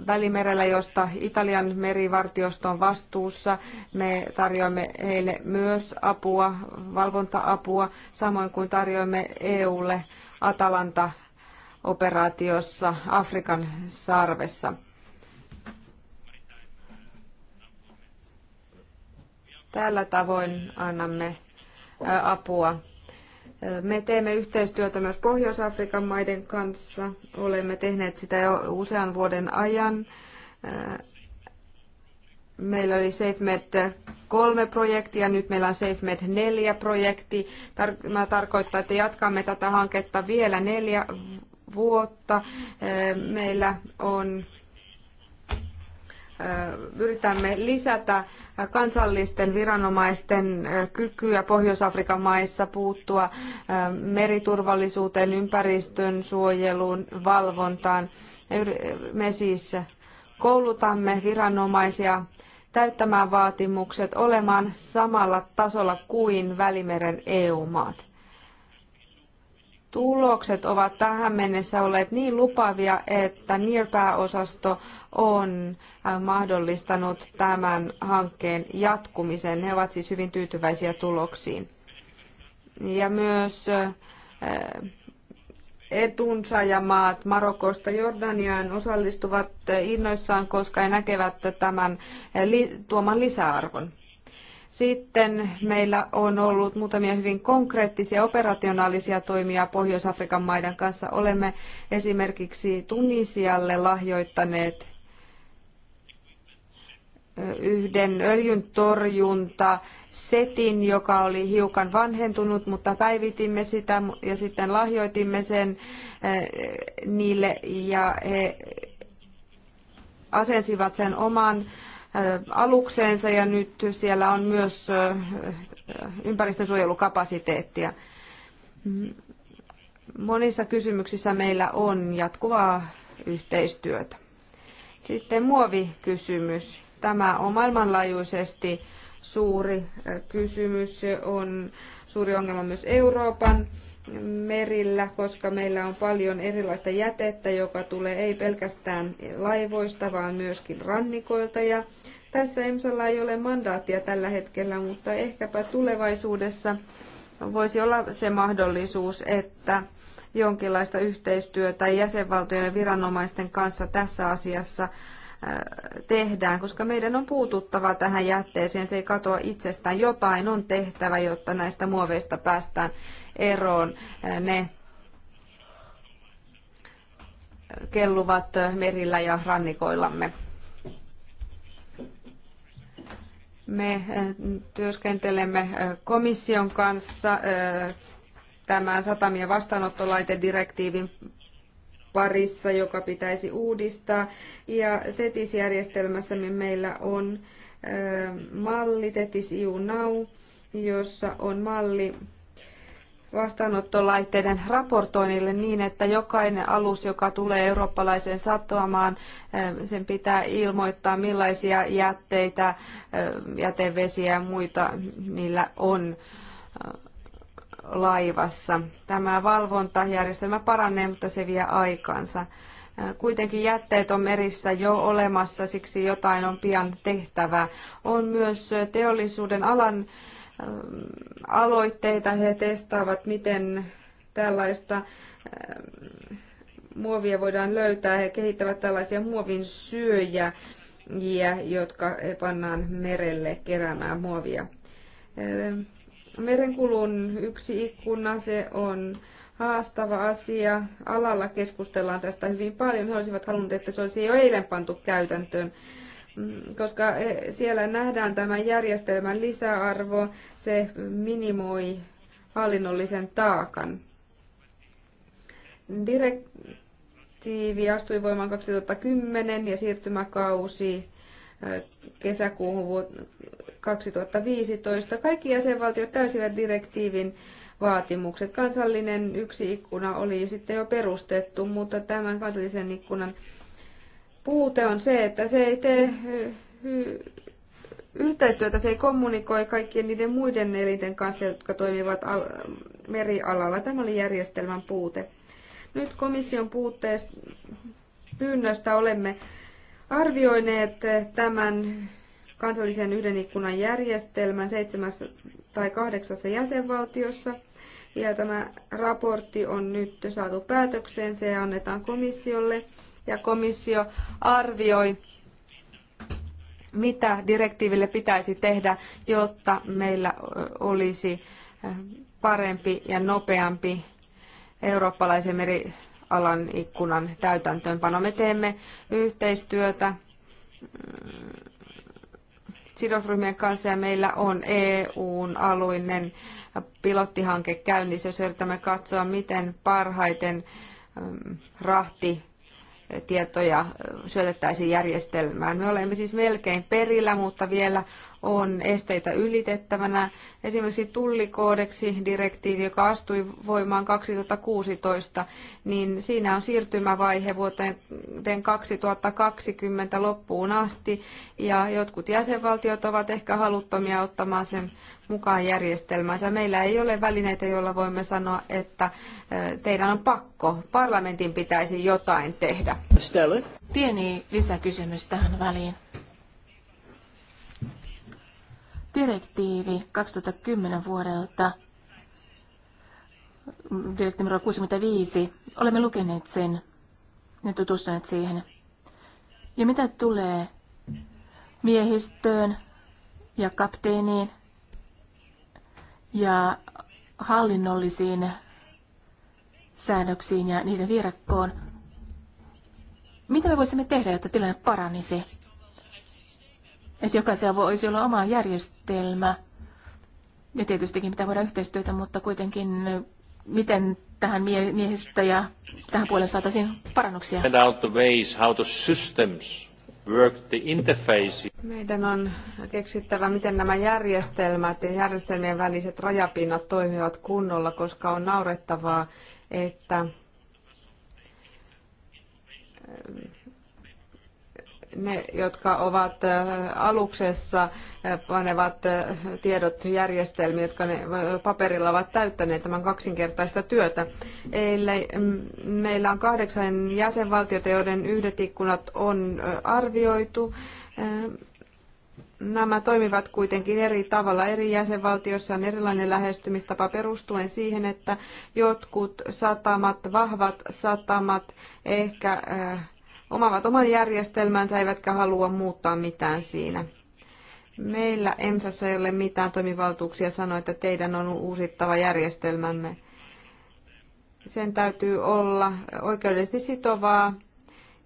S2: Välimerellä, josta Italian merivartiosto on vastuussa. Me tarjoamme heille myös apua, valvonta-apua, samoin kuin tarjoamme EUlle Atalanta-operaatiossa Afrikan sarvessa. Tällä tavoin annamme äh, apua me teemme yhteistyötä myös Pohjois-Afrikan maiden kanssa. Olemme tehneet sitä jo usean vuoden ajan. Meillä oli SafeMed kolme projektia, nyt meillä on SafeMed neljä projekti. Tämä tarkoittaa, että jatkamme tätä hanketta vielä neljä vuotta. Meillä on yritämme lisätä kansallisten viranomaisten kykyä Pohjois-Afrikan maissa puuttua meriturvallisuuteen, ympäristön suojeluun, valvontaan. Me siis koulutamme viranomaisia täyttämään vaatimukset olemaan samalla tasolla kuin Välimeren EU-maat. Tulokset ovat tähän mennessä olleet niin lupavia, että NIR-pääosasto on äh, mahdollistanut tämän hankkeen jatkumisen. He ovat siis hyvin tyytyväisiä tuloksiin. Ja myös äh, etunsaajamaat Marokosta Jordaniaan osallistuvat äh, innoissaan, koska he näkevät tämän tuoman lisäarvon. Sitten meillä on ollut muutamia hyvin konkreettisia operationaalisia toimia Pohjois-Afrikan maiden kanssa. Olemme esimerkiksi Tunisialle lahjoittaneet yhden öljyntorjunta setin, joka oli hiukan vanhentunut, mutta päivitimme sitä ja sitten lahjoitimme sen niille ja he asensivat sen oman alukseensa ja nyt siellä on myös ympäristönsuojelukapasiteettia. Monissa kysymyksissä meillä on jatkuvaa yhteistyötä. Sitten muovikysymys. Tämä on maailmanlaajuisesti suuri kysymys. Se on suuri ongelma myös Euroopan merillä, koska meillä on paljon erilaista jätettä, joka tulee ei pelkästään laivoista, vaan myöskin rannikoilta. Ja tässä EMSalla ei ole mandaattia tällä hetkellä, mutta ehkäpä tulevaisuudessa voisi olla se mahdollisuus, että jonkinlaista yhteistyötä jäsenvaltioiden viranomaisten kanssa tässä asiassa äh, tehdään, koska meidän on puututtava tähän jätteeseen, se ei katoa itsestään, jotain on tehtävä, jotta näistä muoveista päästään eroon. Ne kelluvat merillä ja rannikoillamme. Me eh, työskentelemme eh, komission kanssa eh, tämän satamien vastaanottolaitedirektiivin parissa, joka pitäisi uudistaa. Ja TETIS-järjestelmässämme meillä on malli TETIS iunau jossa on malli vastaanottolaitteiden raportoinnille niin, että jokainen alus, joka tulee eurooppalaiseen satamaan, eh, sen pitää ilmoittaa, millaisia jätteitä, eh, jätevesiä ja muita niillä on eh, laivassa. Tämä valvontajärjestelmä paranee, mutta se vie aikansa. Kuitenkin jätteet on merissä jo olemassa, siksi jotain on pian tehtävä. On myös teollisuuden alan Ähm, aloitteita. He testaavat, miten tällaista ähm, muovia voidaan löytää. He kehittävät tällaisia muovin syöjiä, jotka pannaan merelle keräämään muovia. Ähm, merenkulun yksi ikkuna, se on haastava asia. Alalla keskustellaan tästä hyvin paljon. He olisivat halunneet, että se olisi jo eilen pantu käytäntöön. Mm, koska eh, siellä nähdään tämän järjestelmän lisäarvo, se minimoi hallinnollisen taakan. Direktiivi astui voimaan 2010 ja siirtymäkausi eh, kesäkuuhun 2015. Kaikki jäsenvaltiot täysivät direktiivin vaatimukset. Kansallinen yksi ikkuna oli sitten jo perustettu, mutta tämän kansallisen ikkunan puute on se, että se ei tee eh, yhteistyötä, se ei kommunikoi kaikkien niiden muiden elinten kanssa, jotka toimivat merialalla. Tämä oli järjestelmän puute. Nyt komission puutteesta pyynnöstä olemme arvioineet tämän kansallisen yhden ikkunan järjestelmän seitsemässä tai kahdeksassa jäsenvaltiossa. Ja tämä raportti on nyt saatu päätökseen, se annetaan komissiolle ja komissio arvioi, mitä direktiiville pitäisi tehdä, jotta meillä olisi parempi ja nopeampi eurooppalaisen merialan ikkunan täytäntöönpano. Me teemme yhteistyötä mm, sidosryhmien kanssa ja meillä on EUn aluinen pilottihanke käynnissä, jos yritämme katsoa, miten parhaiten mm, rahti tietoja syötettäisiin järjestelmään. Me olemme siis melkein perillä, mutta vielä on esteitä ylitettävänä. Esimerkiksi tullikoodeksi direktiivi, joka astui voimaan 2016, niin siinä on siirtymävaihe vuoteen 2020 loppuun asti, ja jotkut jäsenvaltiot ovat ehkä haluttomia ottamaan sen mukaan järjestelmänsä. Meillä ei ole välineitä, joilla voimme sanoa, että teidän on pakko.
S3: Parlamentin pitäisi jotain tehdä. Stella. Pieni lisäkysymys tähän väliin. Direktiivi 2010 vuodelta, direktiivi numero 65, olemme lukeneet sen ja tutustuneet siihen. Ja mitä tulee miehistöön ja kapteeniin, ja hallinnollisiin säännöksiin ja niiden virakkoon. Mitä me voisimme tehdä, jotta tilanne paranisi? Että jokaisella voisi olla oma järjestelmä. Ja tietystikin pitää voida yhteistyötä, mutta kuitenkin miten tähän mie- miehistä ja tähän puoleen saataisiin parannuksia.
S2: Out the ways, how the systems work the interface. Meidän on keksittävä, miten nämä järjestelmät ja järjestelmien väliset rajapinnat toimivat kunnolla, koska on naurettavaa, että ne, jotka ovat äh, aluksessa, äh, panevat äh, tiedot järjestelmiin, jotka ne paperilla ovat täyttäneet tämän kaksinkertaista työtä. Mm, meillä on kahdeksan jäsenvaltiota, joiden yhdet ikkunat on arvioitu. Nämä toimivat kuitenkin eri tavalla. Eri jäsenvaltioissa on erilainen lähestymistapa perustuen siihen, että jotkut satamat, vahvat satamat, ehkä äh, omavat oman järjestelmänsä eivätkä halua muuttaa mitään siinä. Meillä EMSassa ei ole mitään toimivaltuuksia sanoa, että teidän on uusittava järjestelmämme. Sen täytyy olla oikeudellisesti sitovaa,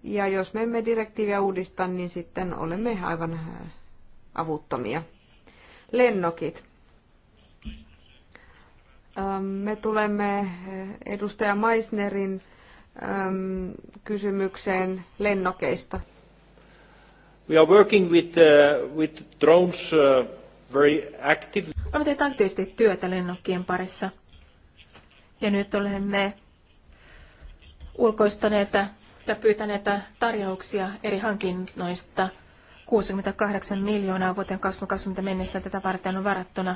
S2: ja jos me emme direktiiviä uudista, niin sitten olemme aivan äh, avuttomia. Lennokit. Ähm, me tulemme äh, edustaja Meisnerin Ähm, kysymykseen lennokeista. We are working with, uh, with drones uh, very actively.
S3: Olemme tehneet aktiivisesti työtä lennokkien parissa. Ja nyt olemme ulkoistaneet ja pyytäneet tarjouksia eri hankinnoista. 68 miljoonaa vuoteen 2020 mennessä tätä varten on varattuna.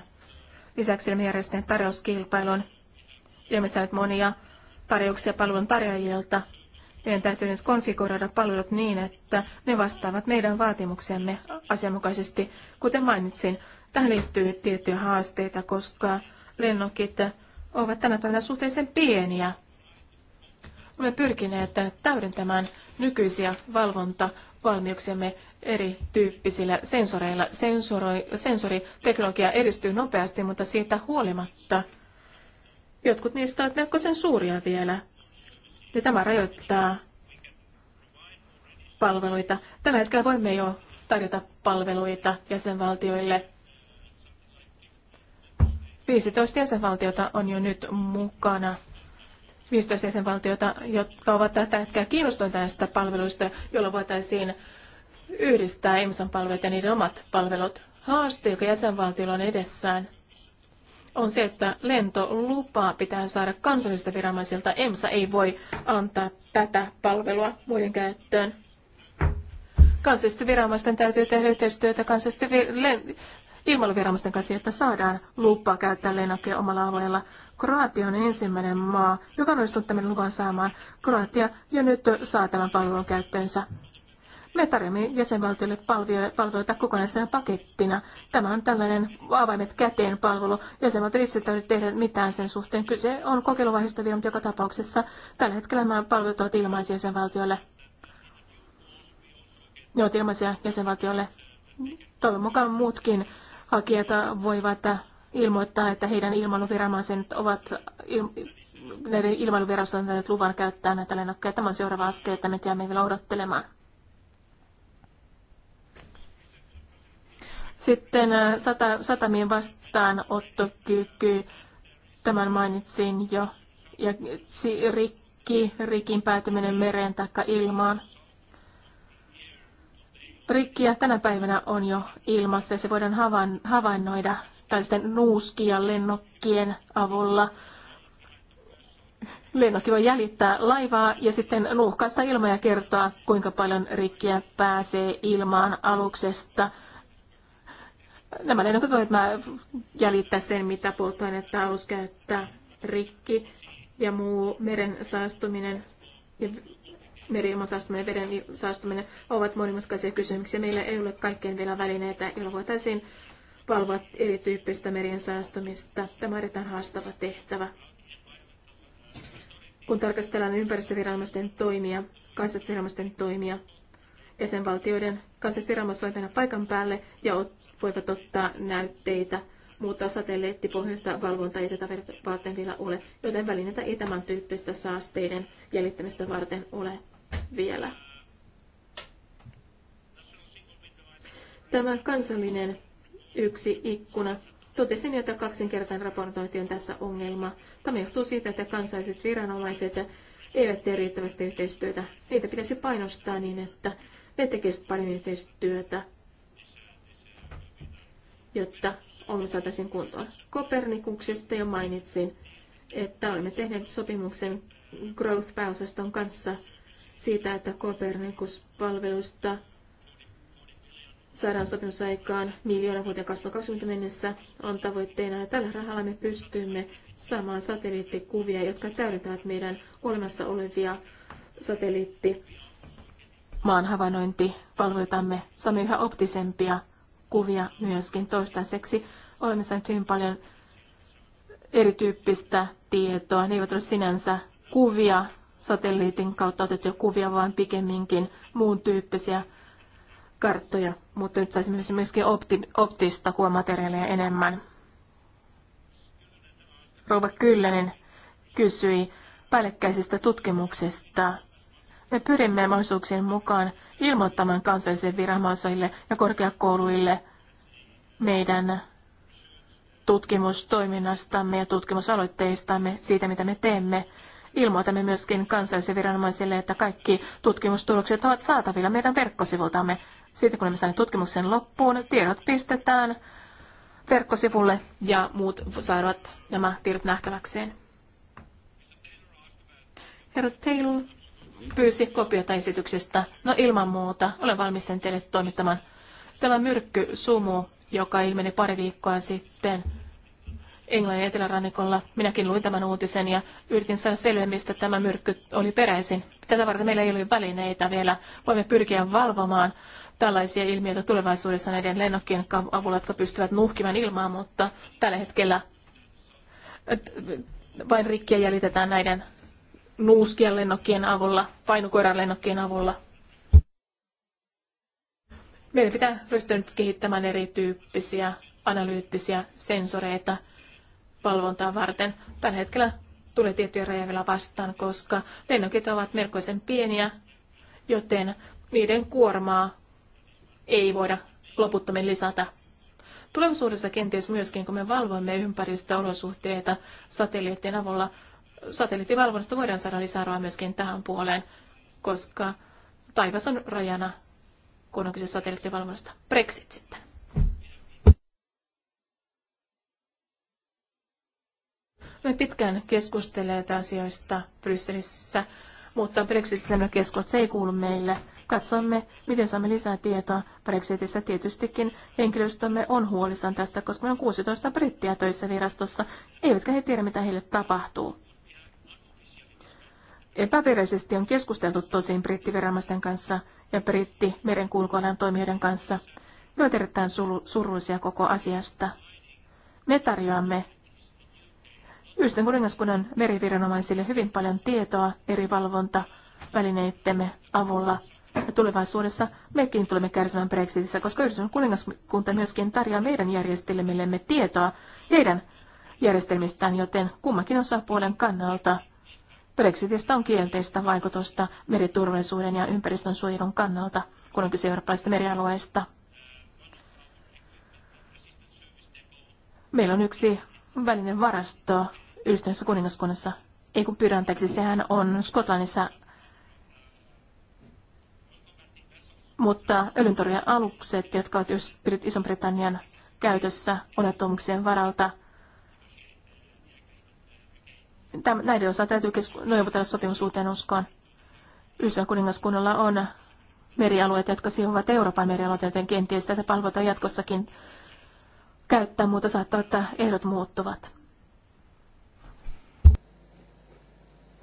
S3: Lisäksi olemme järjestäneet tarjouskilpailun. Ilmeisesti monia tarjouksia palvelun tarjoajilta. Meidän täytyy nyt konfiguroida palvelut niin, että ne vastaavat meidän vaatimuksemme asianmukaisesti. Kuten mainitsin, tähän liittyy tiettyjä haasteita, koska lennokit ovat tänä päivänä suhteellisen pieniä. Olemme pyrkineet täydentämään nykyisiä valvontavalmiuksiamme erityyppisillä sensoreilla. Sensori, sensoriteknologia edistyy nopeasti, mutta siitä huolimatta – Jotkut niistä ovat melkoisen suuria vielä. Ja tämä rajoittaa palveluita. Tällä hetkellä voimme jo tarjota palveluita jäsenvaltioille. 15 jäsenvaltiota on jo nyt mukana. 15 jäsenvaltiota, jotka ovat tätä hetkellä kiinnostuneita näistä palveluista, joilla voitaisiin yhdistää EMSAn palvelut ja niiden omat palvelut. Haaste, joka jäsenvaltiolla on edessään, on se, että lentolupaa pitää saada kansallisilta viranomaisilta. EMSA ei voi antaa tätä palvelua muiden käyttöön. Kansallisten viranomaisten täytyy tehdä yhteistyötä kansallisten ilmailuviranomaisten kanssa, että saadaan lupaa käyttää lennokkeja omalla alueella. Kroatia on ensimmäinen maa, joka on onnistunut tämän luvan saamaan. Kroatia jo nyt saa tämän palvelun käyttöönsä. Me tarjoamme jäsenvaltioille palveluita kokonaisena pakettina. Tämä on tällainen avaimet käteen palvelu. Jäsenvaltiot itse tarvitse tehdä mitään sen suhteen. Kyse on kokeiluvaiheesta vielä, mutta joka tapauksessa tällä hetkellä nämä palvelut ovat ilmaisia jäsenvaltioille. Ne ovat ilmaisia jäsenvaltioille. Toivon mukaan muutkin hakijat voivat ilmoittaa, että heidän ilmailuviranomaisen ovat il- näiden ilmailuvirastojen luvan käyttää näitä lennokkeja. Tämä on seuraava askel, että me jäämme vielä odottelemaan. Sitten äh, sata, satamien vastaanottokyky, tämän mainitsin jo, ja rikki, rikin päätyminen mereen tai ilmaan. Rikkiä tänä päivänä on jo ilmassa ja se voidaan havainnoida tällaisten nuuskia lennokkien avulla. Lennokki voi jäljittää laivaa ja sitten nuuhkaista ilmaa ja kertoa, kuinka paljon rikkiä pääsee ilmaan aluksesta – nämä lennokit voivat jäljittää sen, mitä polttoainetta alus käyttää, rikki ja muu meren saastuminen ja merilman saastuminen, veden saastuminen ovat monimutkaisia kysymyksiä. Meillä ei ole kaikkein vielä välineitä, joilla voitaisiin valvoa erityyppistä merien saastumista. Tämä on erittäin haastava tehtävä. Kun tarkastellaan ympäristöviranomaisten toimia, kansainvälisten toimia, Jäsenvaltioiden siis viranomaiset voivat mennä paikan päälle ja voivat ottaa näytteitä, mutta satelliittipohjaista valvontaa ei tätä varten vielä ole, joten välineitä ei tämän tyyppistä saasteiden jäljittämistä varten ole vielä. Tämä kansallinen yksi ikkuna Totesin, että kaksinkertainen raportointi on tässä ongelma. Tämä johtuu siitä, että kansalliset viranomaiset eivät tee riittävästi yhteistyötä. Niitä pitäisi painostaa niin, että me tekisimme paljon yhteistyötä, jotta olemme saataisiin kuntoon. Kopernikuksesta jo mainitsin, että olemme tehneet sopimuksen Growth-pääosaston kanssa siitä, että kopernikus palvelusta saadaan sopimus aikaan miljoona vuoteen 2020 mennessä on tavoitteena ja tällä rahalla me pystymme saamaan satelliittikuvia, jotka täydentävät meidän olemassa olevia satelliitti maan havainnointipalveluitamme. Saamme yhä optisempia kuvia myöskin toistaiseksi. Olemme saaneet hyvin paljon erityyppistä tietoa. Ne eivät ole sinänsä kuvia, satelliitin kautta otettuja kuvia, vaan pikemminkin muun tyyppisiä karttoja, mutta nyt saisimme myöskin opti, optista kuvamateriaalia enemmän. Rouva Kyllänen kysyi päällekkäisistä tutkimuksista me pyrimme mahdollisuuksien mukaan ilmoittamaan kansallisille viranomaisille ja korkeakouluille meidän tutkimustoiminnastamme ja tutkimusaloitteistamme, siitä mitä me teemme. Ilmoitamme myöskin kansallisille viranomaisille, että kaikki tutkimustulokset ovat saatavilla meidän verkkosivultamme. Siitä kun olemme saaneet tutkimuksen loppuun, tiedot pistetään verkkosivulle ja muut saavat nämä tiedot nähtäväkseen. Herra Taylor pyysi kopiota esityksestä. No ilman muuta, olen valmis sen teille toimittamaan. Tämä sumu, joka ilmeni pari viikkoa sitten Englannin etelärannikolla, minäkin luin tämän uutisen ja yritin saada selville, mistä tämä myrkky oli peräisin. Tätä varten meillä ei ole välineitä vielä. Voimme pyrkiä valvomaan tällaisia ilmiöitä tulevaisuudessa näiden lennokkien avulla, jotka pystyvät nuhkimaan ilmaa, mutta tällä hetkellä äh, vain rikkiä jäljitetään näiden nuuskien lennokkien avulla, painukoiran lennokkien avulla. Meidän pitää ryhtyä nyt kehittämään erityyppisiä analyyttisiä sensoreita valvontaa varten. Tällä hetkellä tulee tiettyjä rajoja vielä vastaan, koska lennokit ovat melkoisen pieniä, joten niiden kuormaa ei voida loputtomin lisätä. Tulevaisuudessa kenties myöskin, kun me valvoimme ympäristöolosuhteita satelliittien avulla, satelliittivalvonnasta voidaan saada lisäarvoa myöskin tähän puoleen, koska taivas on rajana, kun on kyse satelliittivalvonnasta. Brexit sitten. Me pitkään keskustelemme asioista Brysselissä, mutta Brexit keskot se ei kuulu meille. Katsomme, miten saamme lisää tietoa Brexitissä. Tietystikin henkilöstömme on huolissaan tästä, koska meillä on 16 brittiä töissä virastossa, eivätkä he tiedä, mitä heille tapahtuu. Epävirallisesti on keskusteltu tosin brittiviranomaisten kanssa ja britti merenkulkualan toimijoiden kanssa. Ne ovat erittäin surullisia koko asiasta. Me tarjoamme Yhdistön kuningaskunnan meriviranomaisille hyvin paljon tietoa eri valvontavälineittemme avulla. Ja tulevaisuudessa mekin tulemme kärsimään Brexitissä, koska Yhdistön kuningaskunta myöskin tarjoaa meidän järjestelmillemme tietoa heidän järjestelmistään, joten kummankin osapuolen kannalta – Brexitistä on kielteistä vaikutusta meriturvallisuuden ja ympäristön suojelun kannalta, kun on kyse eurooppalaisista merialueista. Meillä on yksi välinen varasto yhdistyneessä kuningaskunnassa. Ei kun pyydän anteeksi, sehän on Skotlannissa. Mutta öljyntorjan alukset, jotka ovat Ison-Britannian käytössä onnettomuuksien varalta – Tämän, näiden osa täytyy neuvotella sopimus uuteen uskoon. Yhdysvallan kuningaskunnalla on merialueita, jotka sijoivat Euroopan merialueita, joten kenties tätä palvelua jatkossakin käyttää, mutta saattaa, että ehdot muuttuvat.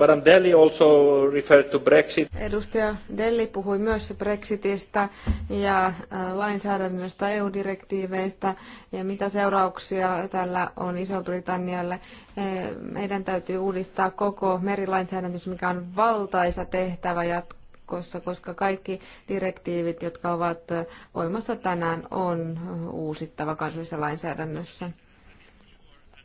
S2: Madame um, Delli also referred to Brexit. Edustaja Delli puhui myös Brexitistä ja äh, lainsäädännöstä EU-direktiiveistä ja mitä seurauksia tällä on Iso-Britannialle. Äh, meidän täytyy uudistaa koko merilainsäädäntö, mikä on valtaisa tehtävä jatkossa, koska kaikki direktiivit, jotka ovat äh, voimassa tänään, on uusittava kansallisessa lainsäädännössä.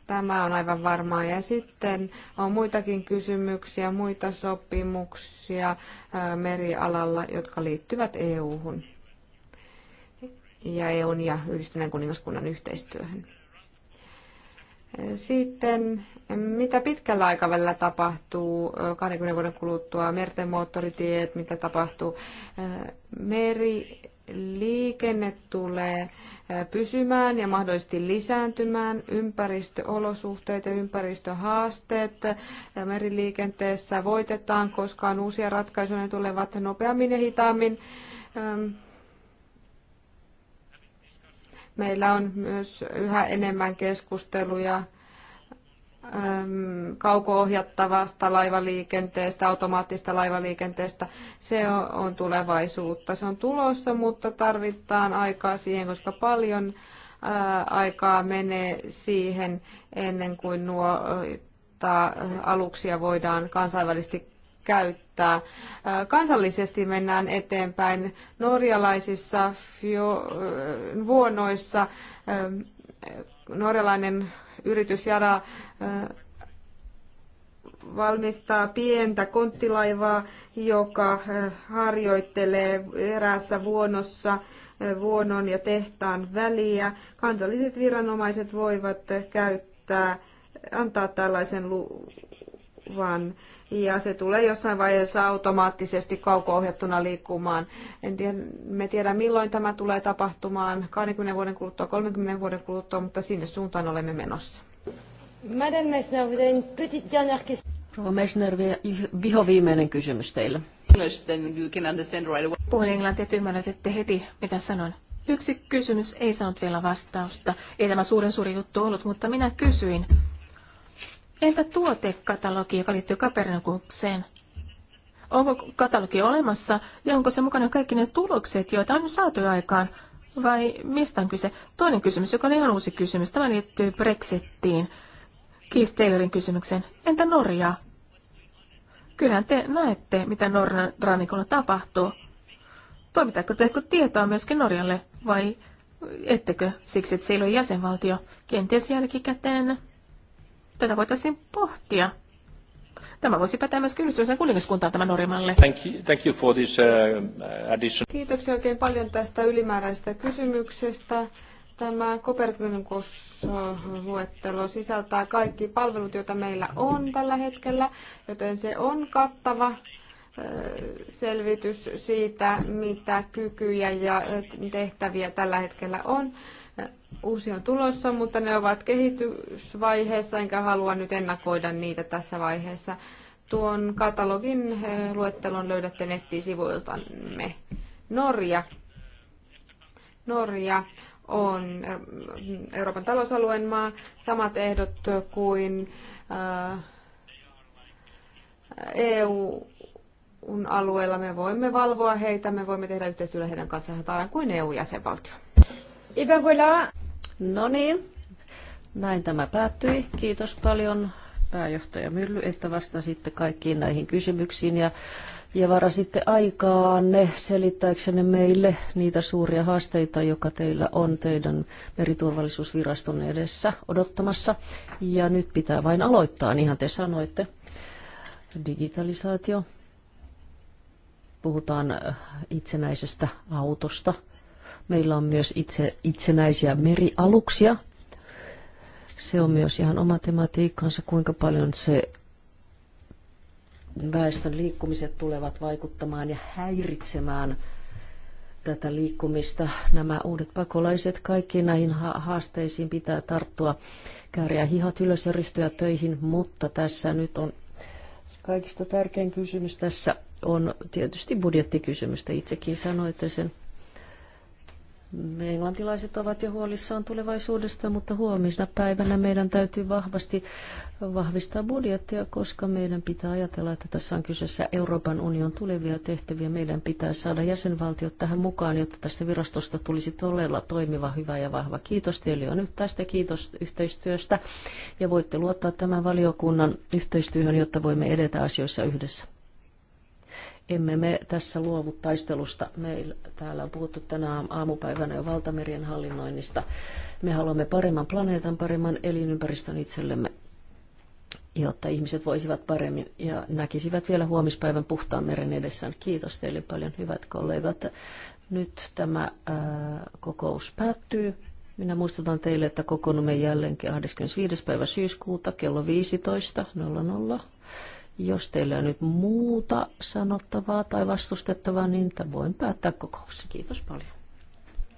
S2: Tämä on aivan varmaa. Ja sitten on muitakin kysymyksiä, muita sopimuksia merialalla, jotka liittyvät EU-hun ja EUn ja yhdistyneen kuningaskunnan yhteistyöhön. Sitten mitä pitkällä aikavälillä tapahtuu 20 vuoden kuluttua, merten moottoritiet, mitä tapahtuu meri liikenne tulee pysymään ja mahdollisesti lisääntymään, ympäristöolosuhteet ja ympäristöhaasteet meriliikenteessä voitetaan, koska on uusia ratkaisuja, ne tulevat nopeammin ja hitaammin. Meillä on myös yhä enemmän keskusteluja kauko-ohjattavasta laivaliikenteestä, automaattista laivaliikenteestä. Se on tulevaisuutta. Se on tulossa, mutta tarvitaan aikaa siihen, koska paljon aikaa menee siihen ennen kuin nuo aluksia voidaan kansainvälisesti käyttää. Kansallisesti mennään eteenpäin. Norjalaisissa vuonoissa norjalainen yritys Jara valmistaa pientä konttilaivaa, joka harjoittelee eräässä vuonossa vuonon ja tehtaan väliä. Kansalliset viranomaiset voivat käyttää, antaa tällaisen luvan ja se tulee jossain vaiheessa automaattisesti kauko-ohjattuna liikkumaan. En tiedä, me tiedä milloin tämä tulee tapahtumaan, 20 vuoden kuluttua, 30 vuoden kuluttua, mutta sinne suuntaan olemme menossa.
S3: Madame Messner, vous avez une petite dernière question.
S1: Rouva Messner, vihoviimeinen kysymys
S3: teille. Puhun englantia, että ymmärrätte heti, mitä sanon. Yksi kysymys ei saanut vielä vastausta. Ei tämä suuren suuri juttu ollut, mutta minä kysyin, Entä tuotekatalogi, joka liittyy Kapernaukseen? Onko katalogi olemassa ja onko se mukana kaikki ne tulokset, joita on saatu aikaan? Vai mistä on kyse? Toinen kysymys, joka on ihan uusi kysymys, tämä liittyy Brexittiin. Keith Taylorin kysymykseen. Entä Norja? Kyllähän te näette, mitä Norjan rannikolla tapahtuu. Toimitaanko te tietoa myöskin Norjalle vai ettekö siksi, että se ei ole jäsenvaltio? Kenties jälkikäteen Tätä voitaisiin pohtia. Tämä voisi päteä myös yhdistyneen kuningaskuntaan tämä Norimalle.
S2: Thank you, thank you for this, uh, uh, addition. Kiitoksia oikein paljon tästä ylimääräisestä kysymyksestä. Tämä Kopernikus-luettelo sisältää kaikki palvelut, joita meillä on tällä hetkellä, joten se on kattava uh, selvitys siitä, mitä kykyjä ja uh, tehtäviä tällä hetkellä on. Uusia on tulossa, mutta ne ovat kehitysvaiheessa, enkä halua nyt ennakoida niitä tässä vaiheessa. Tuon katalogin eh, luettelon löydätte nettisivuiltamme. Norja. Norja on eh, Euroopan talousalueen maa, samat ehdot kuin EU-alueella. Eh, e me voimme valvoa heitä, me voimme tehdä yhteistyötä heidän kanssaan, aivan kuin EU-jäsenvaltio.
S1: Et eh ben voilà. No niin, näin tämä päättyi. Kiitos paljon pääjohtaja Mylly, että vastasitte kaikkiin näihin kysymyksiin ja, ja varasitte aikaanne selittääksenne meille niitä suuria haasteita, joka teillä on teidän meriturvallisuusviraston edessä odottamassa. Ja nyt pitää vain aloittaa, niinhän te sanoitte. Digitalisaatio. Puhutaan eh, itsenäisestä autosta, Meillä on myös itse, itsenäisiä merialuksia. Se on myös ihan oma tematiikkansa, kuinka paljon se väestön liikkumiset tulevat vaikuttamaan ja häiritsemään tätä liikkumista. Nämä uudet pakolaiset, kaikkiin näihin haasteisiin pitää tarttua, kääriä hihat ylös ja ryhtyä töihin, mutta tässä nyt on kaikista tärkein kysymys tässä on tietysti budjettikysymys. itsekin sanoitte sen. Englantilaiset ovat jo huolissaan tulevaisuudesta, mutta huomisena päivänä meidän täytyy vahvasti vahvistaa budjettia, koska meidän pitää ajatella, että tässä on kyseessä Euroopan union tulevia tehtäviä. Meidän pitää saada jäsenvaltiot tähän mukaan, jotta tästä virastosta tulisi todella toimiva, hyvä ja vahva. Kiitos teille jo nyt tästä, kiitos yhteistyöstä ja voitte luottaa tämän valiokunnan yhteistyöhön, jotta voimme edetä asioissa yhdessä emme me tässä luovu taistelusta. Meillä täällä on puhuttu tänä aamupäivänä jo valtamerien hallinnoinnista. Me haluamme paremman planeetan, paremman elinympäristön itsellemme, jotta ihmiset voisivat paremmin ja näkisivät vielä huomispäivän puhtaan meren edessään. Kiitos teille paljon, hyvät kollegat. Nyt tämä ää, äh, kokous päättyy. Minä muistutan teille, että kokoonnumme jälleen 25. päivä syyskuuta kello 15.00. Jos teillä on nyt muuta sanottavaa tai vastustettavaa, niin voin päättää kokouksen. Kiitos paljon.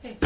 S3: Hei.